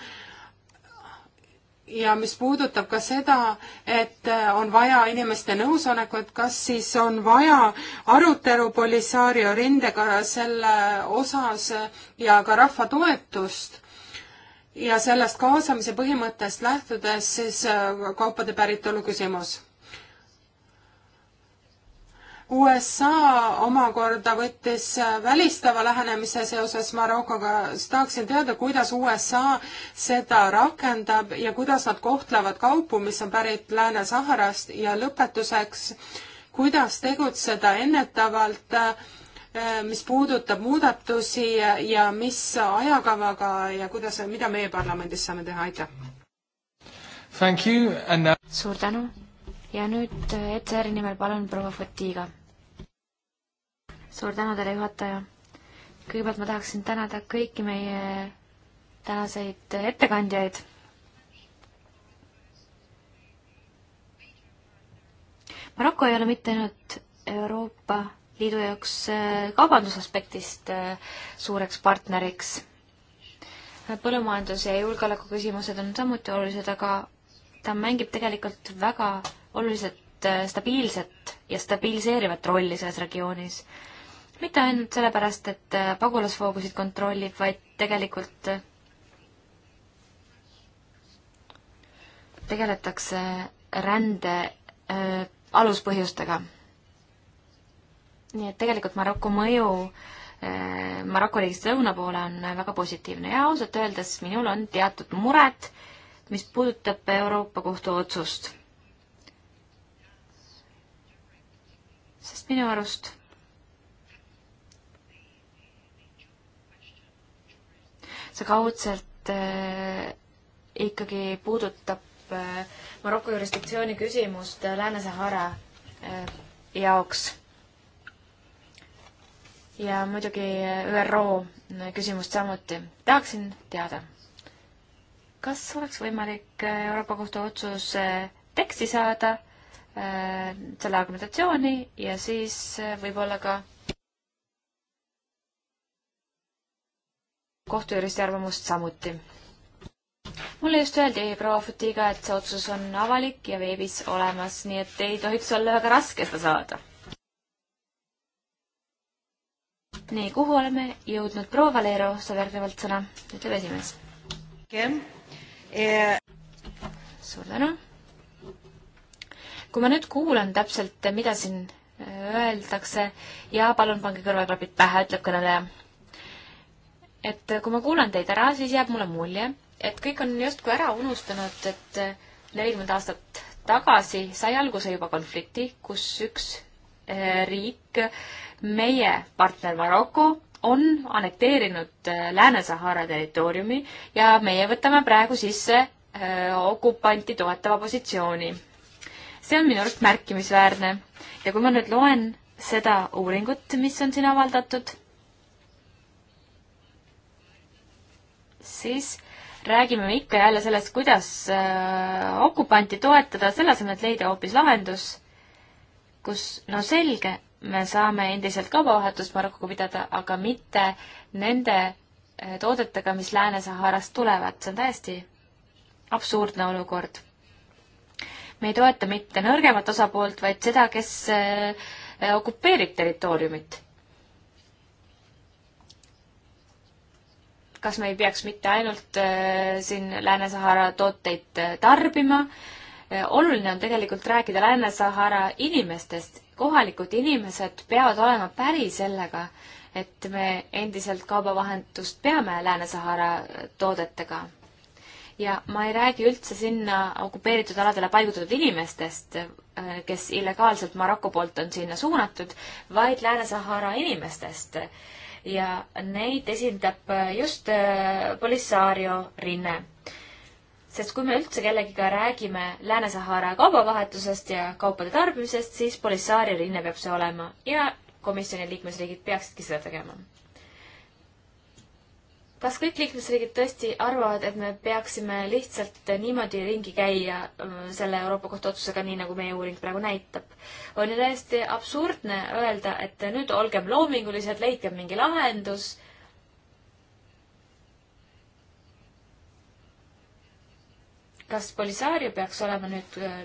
ja mis puudutab ka seda, et äh, on vaja inimeste nõusolekut, kas siis on vaja arutelu Polisario rindega selle osas äh, ja ka rahva toetust? ja sellest kaasamise põhimõttest lähtudes siis äh, kaupade päritolu küsimus. USA omakorda võttis välistava lähenemise seoses Marokoga, siis tahaksin teada, kuidas USA seda rakendab ja kuidas nad kohtlevad kaupu, mis on pärit Lääne-Saharast ja lõpetuseks, kuidas tegutseda ennetavalt, eh, mis puudutab muudatusi ja mis ajakavaga ja kuidas, mida meie parlamendis saame teha, aitäh! Thank you and now... suur tänu ja nüüd eh, ETR nimel palun proua Fatiga suur tänu teile, juhataja. kõigepealt ma tahaksin tänada kõiki meie tänaseid ettekandjaid. Maroko ei ole mitte ainult Euroopa Liidu jaoks äh, kaubandusaspektist äh, suureks partneriks. põllumajandus ja julgeoleku küsimused on samuti olulised, aga ta mängib tegelikult väga oluliselt äh, stabiilset ja stabiliseerivat rolli selles regioonis mitte ainult sellepärast, et äh, pagulasvoogusid kontrollib, vaid tegelikult tegeletakse äh, rände äh, aluspõhjustega. nii et tegelikult Maroko mõju äh, Maroko riigist lõuna poole on äh, väga positiivne ja ausalt öeldes minul on teatud mured, mis puudutab Euroopa Kohtu otsust. sest minu arust see kaudselt äh, ikkagi puudutab äh, Maroko jurisdiktsiooni küsimust äh, Lääne-Sahara jaoks. ja muidugi ÜRO küsimust samuti. tahaksin teada, kas oleks võimalik Euroopa Kohtu otsus teksti saada, selle argumentatsiooni ja siis võib-olla ka kohtujuristi arvamust samuti. mulle just öeldi proua Futiga, et see otsus on avalik ja veebis olemas, nii et ei tohiks olla väga raske seda saada. nii, kuhu oleme jõudnud? proua Valero, saab järgnevalt sõna, ütleb esimees. E- suur tänu. kui ma nüüd kuulan täpselt, mida siin öeldakse ja palun pange kõrvaklapid pähe, ütleb kõneleja et kui ma kuulan teid ära, siis jääb mulle mulje, et kõik on justkui ära unustanud, et nelikümmend aastat tagasi sai alguse juba konflikti, kus üks eh, riik, meie partner Maroko, on annekteerinud eh, Lääne-Sahara territooriumi ja meie võtame praegu sisse eh, okupanti toetava positsiooni. see on minu arust märkimisväärne ja kui ma nüüd loen seda uuringut, mis on siin avaldatud siis räägime me ikka jälle sellest, kuidas äh, okupanti toetada, selle asemel, et leida hoopis lahendus, kus, no selge, me saame endiselt kaubavahetust Marokoga pidada, aga mitte nende äh, toodetega, mis Lääne-Saharast tulevad, see on täiesti absurdne olukord. me ei toeta mitte nõrgemat osapoolt, vaid seda, kes äh, okupeerib territooriumit kas me ei peaks mitte ainult äh, siin Lääne-Sahara tooteid äh, tarbima, äh, oluline on tegelikult rääkida Lääne-Sahara inimestest. kohalikud inimesed peavad olema päri sellega, et me endiselt kaubavahendust peame Lääne-Sahara toodetega. ja ma ei räägi üldse sinna okupeeritud aladele paigutatud inimestest, kes illegaalselt Maroko poolt on sinna suunatud, vaid Lääne-Sahara inimestest ja neid esindab äh, just äh, Polisario rinne. sest kui me üldse kellegiga räägime Lääne-Sahara kaubavahetusest ja kaupade tarbimisest, siis Polisario rinne peab see olema ja komisjoni liikmesriigid peaksidki seda tegema kas kõik liikmesriigid tõesti arvavad, et me peaksime lihtsalt niimoodi ringi käia äh, selle Euroopa Kohtu otsusega, nii nagu meie uuring praegu näitab? on ju täiesti absurdne öelda, et nüüd olgem loomingulised, leidkem mingi lahendus. kas Polisario peaks olema nüüd äh,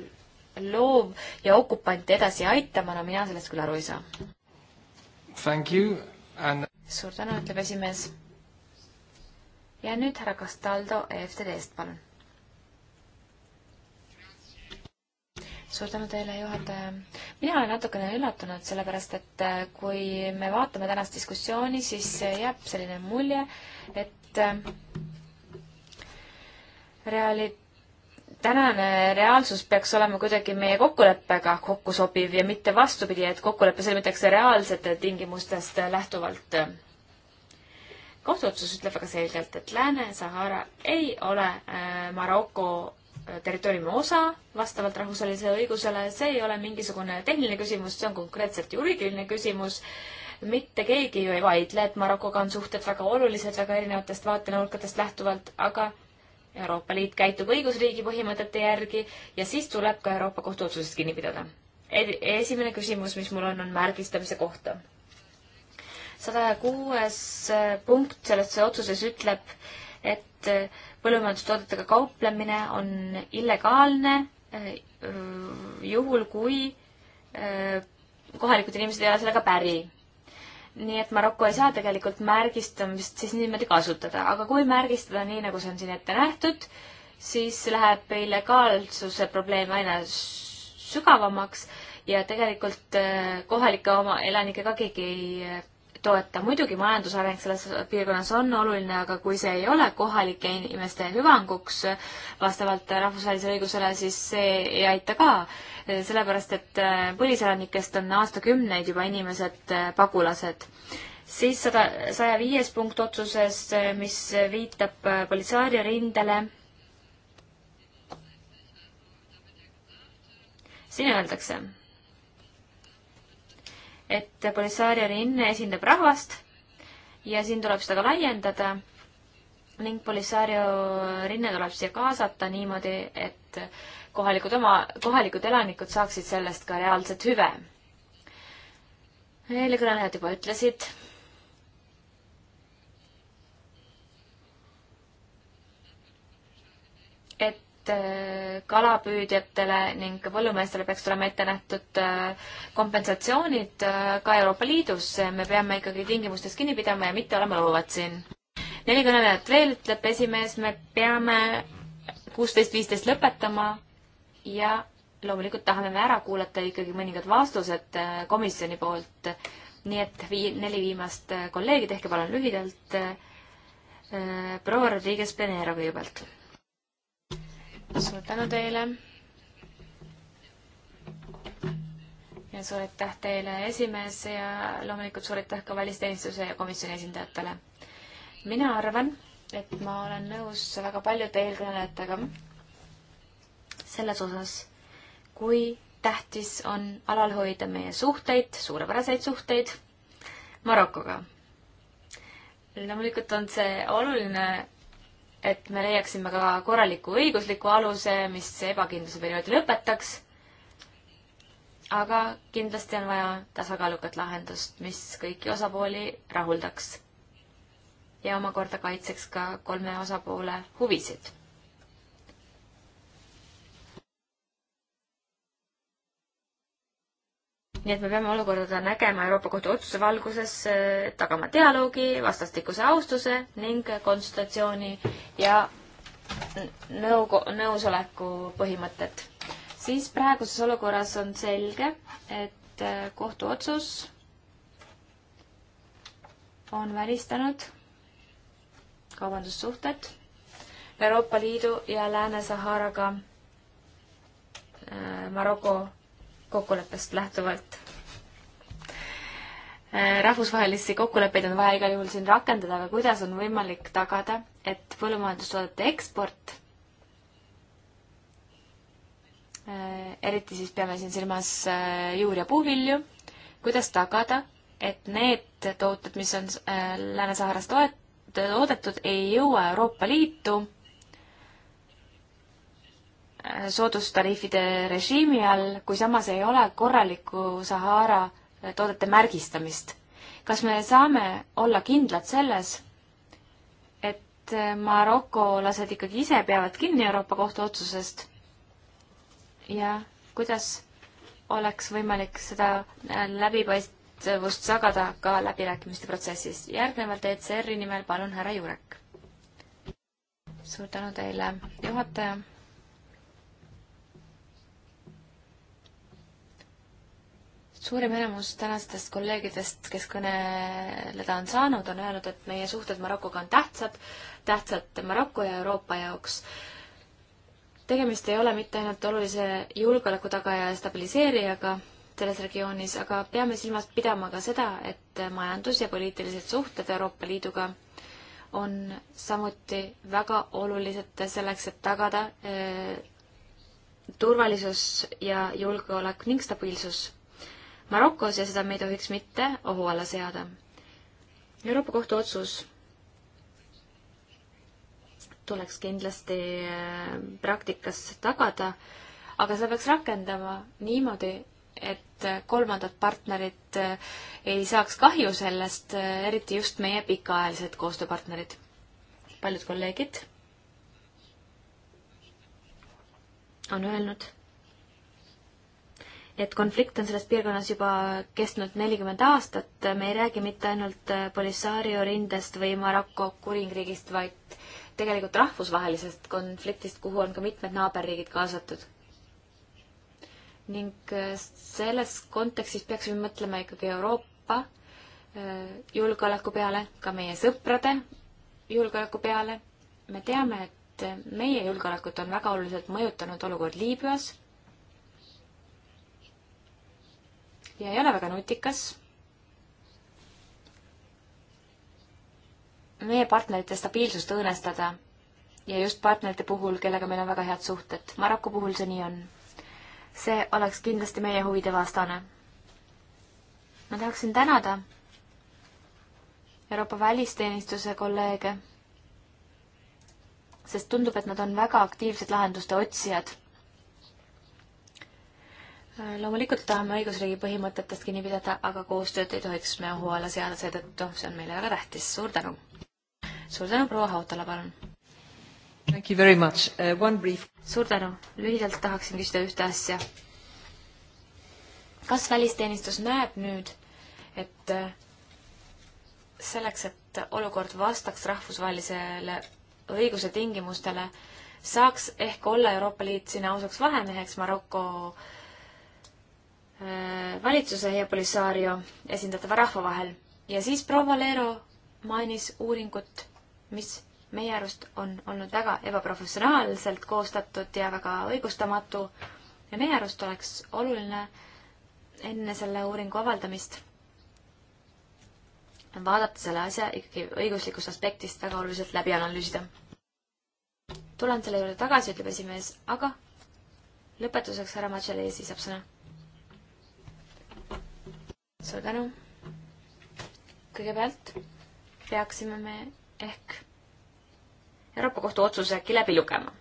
loov ja okupanti edasi aitama, no mina sellest küll aru ei saa. And... suur tänu, ütleb esimees ja nüüd härra Castaldo EFTD-st, palun. suur tänu teile, juhataja. mina olen natukene üllatunud, sellepärast et äh, kui me vaatame tänast diskussiooni, siis äh, jääb selline mulje, et äh, reaali-, tänane reaalsus peaks olema kuidagi meie kokkuleppega kokku sobiv ja mitte vastupidi, et kokkulepe sõlmitakse reaalsete tingimustest lähtuvalt kohtuotsus ütleb väga selgelt, et Lääne-Sahara ei ole äh, Maroko äh, territooriumi osa vastavalt rahvusvahelisele õigusele, see ei ole mingisugune tehniline küsimus, see on konkreetselt juriidiline küsimus. mitte keegi ju ei vaidle, et Marokoga on suhted väga olulised väga erinevatest vaatenurkadest lähtuvalt, aga Euroopa Liit käitub õigusriigi põhimõtete järgi ja siis tuleb ka Euroopa Kohtu otsusest kinni pidada. esimene küsimus, mis mul on, on märgistamise kohta saja kuues äh, punkt selles otsuses ütleb, et äh, põllumajandustoodetega kauplemine on illegaalne äh, juhul, kui kohalikud inimesed ei ole sellega päri nii et Maroko ei saa tegelikult märgistamist siis niimoodi kasutada, aga kui märgistada nii, nagu see on siin ette nähtud, siis läheb illegaalsuse probleem aina sügavamaks ja tegelikult kohalike oma elanikega keegi ei toeta. muidugi majandusareng selles piirkonnas on oluline, aga kui see ei ole kohalike inimeste hüvanguks vastavalt rahvusvahelisele õigusele, siis see ei aita ka. sellepärast, et äh, põliselanikest on aastakümneid juba inimesed äh, pagulased. siis sada, saja viies punkt otsuses, äh, mis viitab Politsaaria rindele. siin öeldakse et Polisario rinne esindab rahvast ja siin tuleb seda ka laiendada ning Polisario rinne tuleb siia kaasata niimoodi, et kohalikud oma, kohalikud elanikud saaksid sellest ka reaalset hüve. eelkõnelejad juba ütlesid, et et äh, kalapüüdjatele ning põllumeestele peaks tulema ette nähtud äh, kompensatsioonid äh, ka Euroopa Liidus. me peame ikkagi tingimustest kinni pidama ja mitte olema loovad siin. neli kõnelejat veel, ütleb esimees, me peame kuusteist, viisteist lõpetama ja loomulikult tahame me ära kuulata ikkagi mõningad vastused komisjoni poolt. nii et vii-, neli viimast kolleegi, tehke palun lühidalt. proua Rodriguez Penero kõigepealt suur tänu teile. ja suur aitäh teile, esimees ja loomulikult suur aitäh ka välisteenistuse ja komisjoni esindajatele. mina arvan, et ma olen nõus väga paljude eelkõnelejatega selles osas, kui tähtis on alal hoida meie suhteid, suurepäraseid suhteid Marokoga. loomulikult on see oluline et me leiaksime ka korraliku õigusliku aluse, mis ebakindluse perioodi lõpetaks. aga kindlasti on vaja tasakaalukat lahendust, mis kõiki osapooli rahuldaks ja omakorda kaitseks ka kolme osapoole huvisid nii et me peame olukorda nägema Euroopa Kohtu otsuse valguses, eh, tagama dialoogi, vastastikuse austuse ning konsultatsiooni ja nõu, nõusoleku põhimõtet. siis praeguses olukorras on selge, et eh, kohtuotsus on välistanud kaubandussuhted Euroopa Liidu ja Lääne-Saharaga eh, Maroko kokkuleppest lähtuvalt. Äh, rahvusvahelisi kokkuleppeid on vaja igal juhul siin rakendada, aga kuidas on võimalik tagada, et põllumajandustoodete eksport, äh, eriti siis peame siin silmas äh, juur- ja puuvilju, kuidas tagada, et need tooted, mis on Lääne-Saharas toet-, toodetud, ei jõua Euroopa Liitu soodustariifide režiimi all, kui samas ei ole korralikku Sahara toodete märgistamist. kas me saame olla kindlad selles, et marokolased ikkagi ise peavad kinni Euroopa Kohtu otsusest? ja kuidas oleks võimalik seda läbipaistvust sagada ka läbirääkimiste protsessis? järgnevalt ECR-i nimel palun härra Jurek. suur tänu teile, juhataja suurim enamus tänastest kolleegidest, kes kõneleda on saanud, on öelnud, et meie suhted Marokoga on tähtsad, tähtsad Maroko ja Euroopa jaoks. tegemist ei ole mitte ainult olulise julgeoleku tagaja ja stabiliseerijaga selles regioonis, aga peame silmas pidama ka seda, et majandus ja poliitilised suhted Euroopa Liiduga on samuti väga olulised selleks, et tagada eh, turvalisus ja julgeolek ning stabiilsus Marokos ja seda me ei tohiks mitte ohu alla seada. Euroopa Kohtu otsus tuleks kindlasti äh, praktikas tagada, aga seda peaks rakendama niimoodi, et kolmandad partnerid äh, ei saaks kahju sellest, äh, eriti just meie pikaajalised koostööpartnerid. paljud kolleegid on öelnud, et konflikt on selles piirkonnas juba kestnud nelikümmend aastat, me ei räägi mitte ainult äh, Polisario rindest või Maroko kuningriigist, vaid tegelikult rahvusvahelisest konfliktist, kuhu on ka mitmed naaberriigid kaasatud. ning äh, selles kontekstis peaksime mõtlema ikkagi Euroopa äh, julgeoleku peale, ka meie sõprade julgeoleku peale. me teame, et meie julgeolekut on väga oluliselt mõjutanud olukord Liibüas ja ei ole väga nutikas. meie partnerite stabiilsust õõnestada ja just partnerite puhul, kellega meil on väga head suhted. Maroko puhul see nii on. see oleks kindlasti meie huvide vastane. ma tahaksin tänada Euroopa välisteenistuse kolleege, sest tundub, et nad on väga aktiivsed lahenduste otsijad loomulikult tahame õigusriigi põhimõtetest kinni pidada, aga koostööd ei tohiks me ohu alla seada, seetõttu see on meile väga tähtis, suur tänu. suur tänu, proua Hautala, palun. Thank you very much uh,, one brief. suur tänu, lühidalt tahaksin küsida ühte asja. kas välisteenistus näeb nüüd, et äh, selleks, et olukord vastaks rahvusvahelisele õiguse tingimustele, saaks ehk olla Euroopa Liit siin ausaks vahemeheks Maroko äh, Äh, valitsuse ja Polisario esindatava rahva vahel. ja siis proua Leero mainis uuringut, mis meie arust on olnud väga ebaprofessionaalselt koostatud ja väga õigustamatu ja meie arust oleks oluline enne selle uuringu avaldamist vaadata selle asja ikkagi õiguslikust aspektist väga oluliselt läbi analüüsida. tulen selle juurde tagasi, ütleb esimees, aga lõpetuseks härra Matšeli saab sõna suur tänu. kõigepealt peaksime me ehk Euroopa Kohtu otsuse äkki läbi lugema,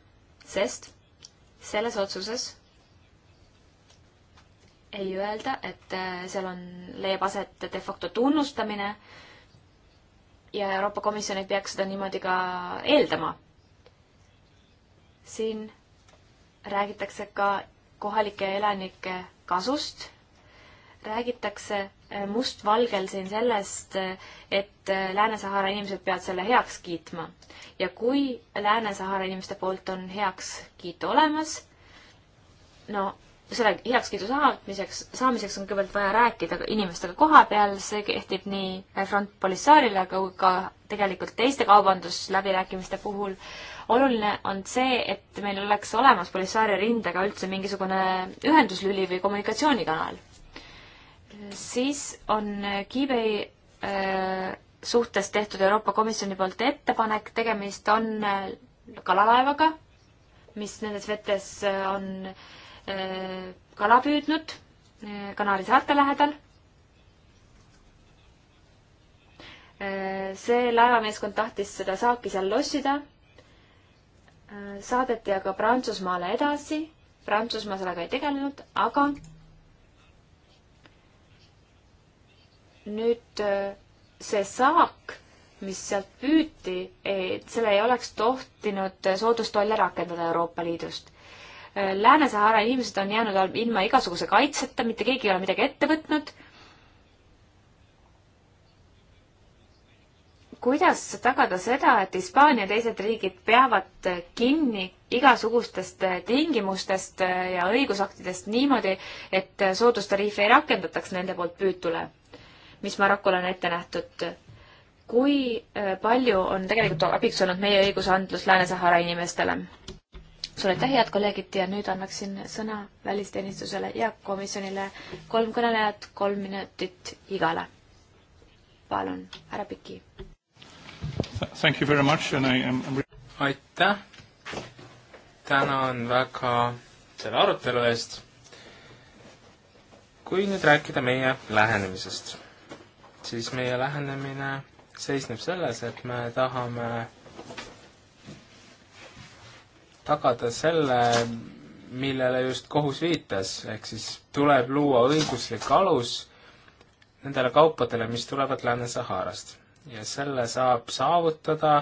sest selles otsuses ei öelda, et äh, seal on, leiab aset de facto tunnustamine ja Euroopa Komisjon ei peaks seda niimoodi ka eeldama. siin räägitakse ka kohalike elanike kasust, räägitakse Äh, mustvalgel siin sellest, et äh, Lääne-Sahara inimesed peavad selle heaks kiitma. ja kui Lääne-Sahara inimeste poolt on heakskiit olemas, no selle heakskiidu saamiseks, saamiseks on kõigepealt vaja rääkida inimestega koha peal, see kehtib nii Front Polisaarile, aga ka tegelikult teiste kaubandusläbirääkimiste puhul. oluline on see, et meil oleks olemas Polisaari rindega üldse mingisugune ühenduslüli või kommunikatsioonikanal siis on Kiibe äh, suhtes tehtud Euroopa Komisjoni poolt ettepanek, tegemist on äh, kalalaevaga, mis nendes vetes äh, on kala püüdnud Kanaari saarte lähedal. see laevameeskond tahtis seda saaki seal lossida. saadeti aga Prantsusmaale edasi, Prantsusmaa sellega ei tegelenud, aga nüüd äh, see saak, mis sealt püüti, et selle ei oleks tohtinud soodustolle rakendada Euroopa Liidust. Äh, Lääne-Sahara inimesed on jäänud ilma igasuguse kaitseta, mitte keegi ei ole midagi ette võtnud kuidas tagada seda, et Hispaania teised riigid peavad kinni igasugustest tingimustest ja õigusaktidest niimoodi, et soodustariife ei rakendataks nende poolt püütule? mis Marokol on ette nähtud. kui äh, palju on tegelikult abiks olnud meie õigusandlus Lääne-Sahara inimestele? suur aitäh, head kolleegid ja nüüd annaksin sõna välisteenistusele ja komisjonile. kolm kõnelejat, kolm minutit igale. palun, härra Piki. Thank you very much and I am aitäh, tänan väga selle arutelu eest. kui nüüd rääkida meie lähenemisest siis meie lähenemine seisneb selles, et me tahame tagada selle, millele just kohus viitas, ehk siis tuleb luua õiguslik alus nendele kaupadele, mis tulevad Lääne-Saharast. ja selle saab saavutada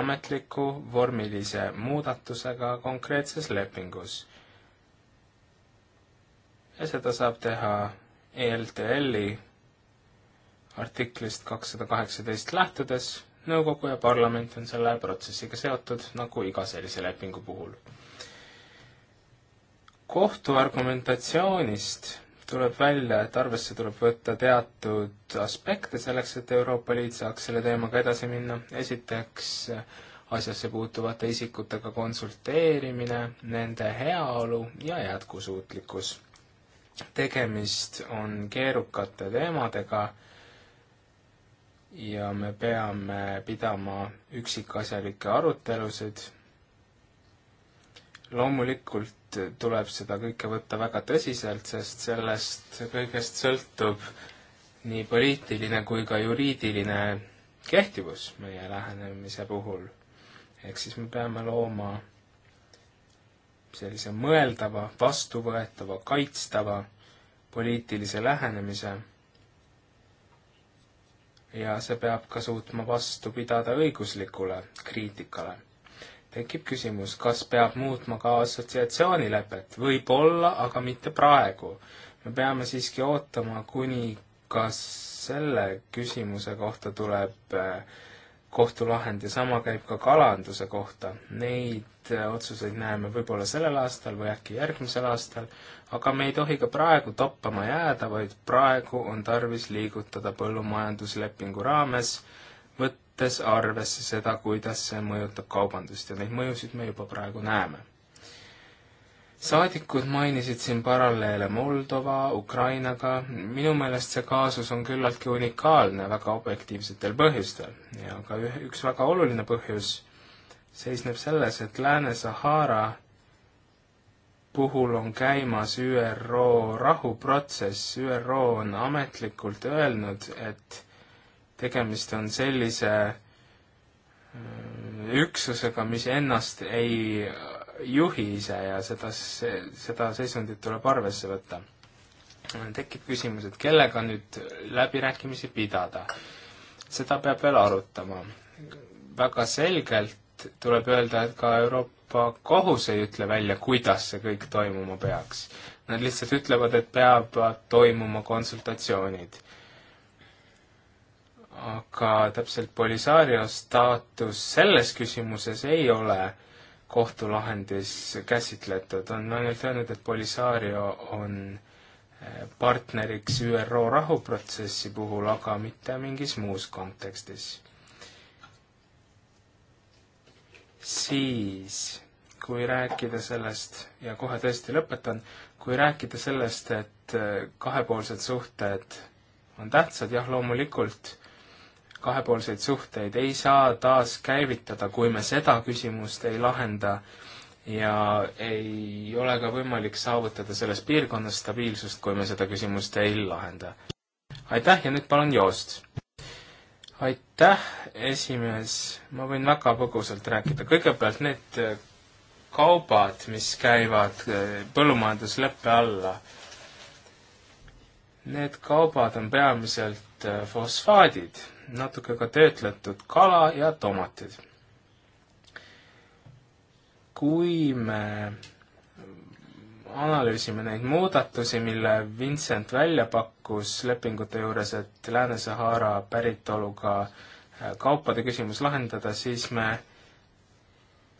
ametliku vormilise muudatusega konkreetses lepingus. ja seda saab teha ELTL-i artiklist kakssada kaheksateist lähtudes nõukogu ja parlament on selle protsessiga seotud nagu iga sellise lepingu puhul. kohtu argumentatsioonist tuleb välja, et arvesse tuleb võtta teatud aspekte selleks, et Euroopa Liit saaks selle teemaga edasi minna. esiteks asjasse puutuvate isikutega konsulteerimine, nende heaolu ja jätkusuutlikkus. tegemist on keerukate teemadega ja me peame pidama üksikasjalikke arutelusid. loomulikult tuleb seda kõike võtta väga tõsiselt, sest sellest kõigest sõltub nii poliitiline kui ka juriidiline kehtivus meie lähenemise puhul. ehk siis me peame looma sellise mõeldava, vastuvõetava, kaitstava poliitilise lähenemise ja see peab ka suutma vastu pidada õiguslikule kriitikale. tekib küsimus, kas peab muutma ka assotsiatsioonilepet, võib-olla, aga mitte praegu. me peame siiski ootama, kuni kas selle küsimuse kohta tuleb äh, kohtulahend ja sama käib ka kalanduse kohta. Neid äh, otsuseid näeme võib-olla sellel aastal või äkki järgmisel aastal, aga me ei tohi ka praegu toppama jääda, vaid praegu on tarvis liigutada põllumajanduslepingu raames, võttes arvesse seda, kuidas see mõjutab kaubandust ja neid mõjusid me juba praegu näeme saadikud mainisid siin paralleele Moldova, Ukrainaga, minu meelest see kaasus on küllaltki unikaalne väga objektiivsetel põhjustel ja ka üh, üks väga oluline põhjus seisneb selles, et Lääne-Sahara puhul on käimas ÜRO rahuprotsess, ÜRO on ametlikult öelnud, et tegemist on sellise äh, üksusega, mis ennast ei juhise ja seda, seda seisundit tuleb arvesse võtta. tekib küsimus, et kellega nüüd läbirääkimisi pidada. seda peab veel arutama. väga selgelt tuleb öelda, et ka Euroopa Kohus ei ütle välja, kuidas see kõik toimuma peaks. Nad lihtsalt ütlevad, et peavad toimuma konsultatsioonid aga täpselt Polisario staatus selles küsimuses ei ole kohtulahendis käsitletud, on ainult öelnud, et Polisario on eh, partneriks ÜRO rahuprotsessi puhul, aga mitte mingis muus kontekstis. siis, kui rääkida sellest, ja kohe tõesti lõpetan, kui rääkida sellest, et eh, kahepoolsed suhted on tähtsad, jah, loomulikult kahepoolseid suhteid ei saa taaskäivitada, kui me seda küsimust ei lahenda ja ei ole ka võimalik saavutada selles piirkonnas stabiilsust, kui me seda küsimust ei lahenda. aitäh ja nüüd palun joost! aitäh, esimees, ma võin väga põgusalt rääkida, kõigepealt need äh, kaubad, mis käivad äh, põllumajandusleppe alla, need kaubad on peamiselt äh, fosfaadid natuke ka töötletud kala ja tomatid. kui me analüüsime neid muudatusi, mille Vincent välja pakkus lepingute juures, et Lääne-Sahara päritoluga äh, kaupade küsimus lahendada, siis me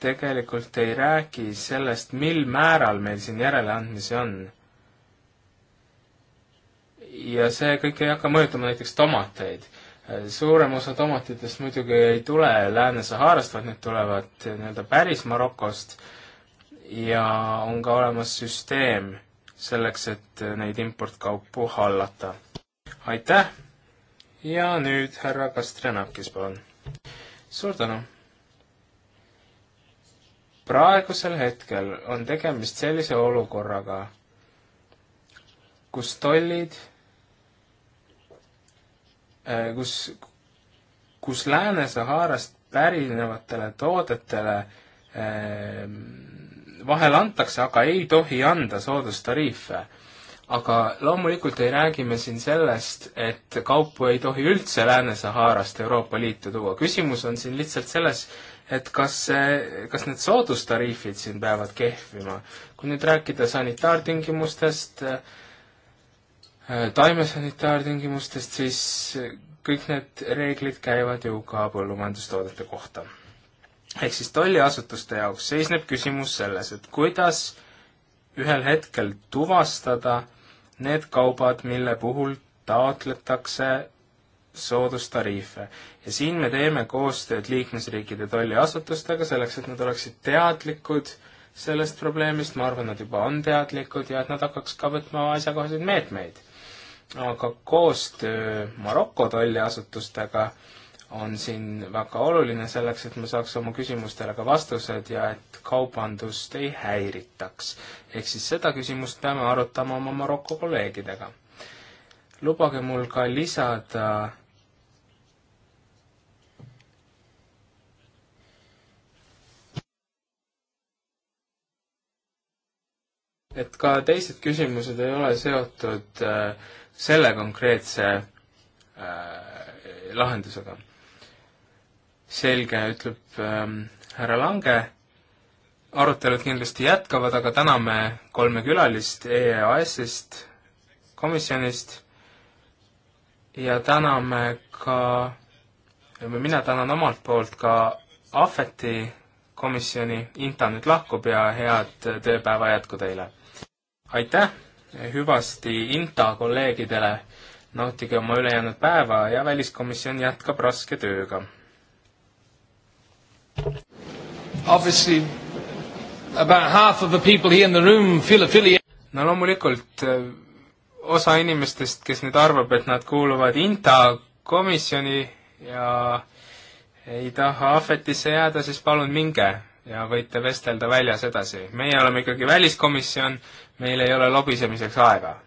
tegelikult ei räägi sellest, mil määral meil siin järeleandmisi on ja see kõik ei hakka mõjutama näiteks tomateid suurem osa tomatitest muidugi ei tule Lääne-Saharast, vaid need tulevad nii-öelda päris Marokost ja on ka olemas süsteem selleks, et neid importkaupu hallata. aitäh ja nüüd härra Kastrenakis, palun. suur tänu praegusel hetkel on tegemist sellise olukorraga, kus tollid Äh, kus, kus Lääne-Saharast pärinevatele toodetele äh, vahel antakse, aga ei tohi anda soodustariife. aga loomulikult ei räägi me siin sellest, et kaupu ei tohi üldse Lääne-Saharast Euroopa Liitu tuua, küsimus on siin lihtsalt selles, et kas see, äh, kas need soodustariifid siin peavad kehvima. kui nüüd rääkida sanitaartingimustest äh,, Äh, taimesanitaartingimustest, siis äh, kõik need reeglid käivad ju ka põllumajandustoodete kohta. ehk siis tolliasutuste jaoks seisneb küsimus selles, et kuidas ühel hetkel tuvastada need kaubad, mille puhul taotletakse soodustariife. ja siin me teeme koostööd liikmesriikide tolliasutustega selleks, et nad oleksid teadlikud sellest probleemist, ma arvan, nad juba on teadlikud ja et nad hakkaks ka võtma asjakohaseid meetmeid aga koostöö Maroko tolliasutustega on siin väga oluline selleks, et me saaks oma küsimustele ka vastused ja et kaubandust ei häiritaks. ehk siis seda küsimust peame arutama oma Maroko kolleegidega. lubage mul ka lisada et ka teised küsimused ei ole seotud äh, selle konkreetse äh, lahendusega. selge, ütleb ähm, härra Lange, arutelud kindlasti jätkavad, aga täname kolme külalist EAS-ist, komisjonist ja täname ka, mina tänan omalt poolt ka Ahveti komisjoni, Inta nüüd lahkub ja head tööpäeva jätku teile! aitäh! hüvasti INTA kolleegidele, nautige oma ülejäänud päeva ja väliskomisjon jätkab raske tööga. Obviously about half of the people here in the room feel affiliated. no loomulikult eh, osa inimestest, kes nüüd arvab, et nad kuuluvad INTA komisjoni ja ei taha ahvetisse jääda, siis palun minge ja võite vestelda väljas edasi. meie oleme ikkagi väliskomisjon, meil ei ole lobisemiseks aega.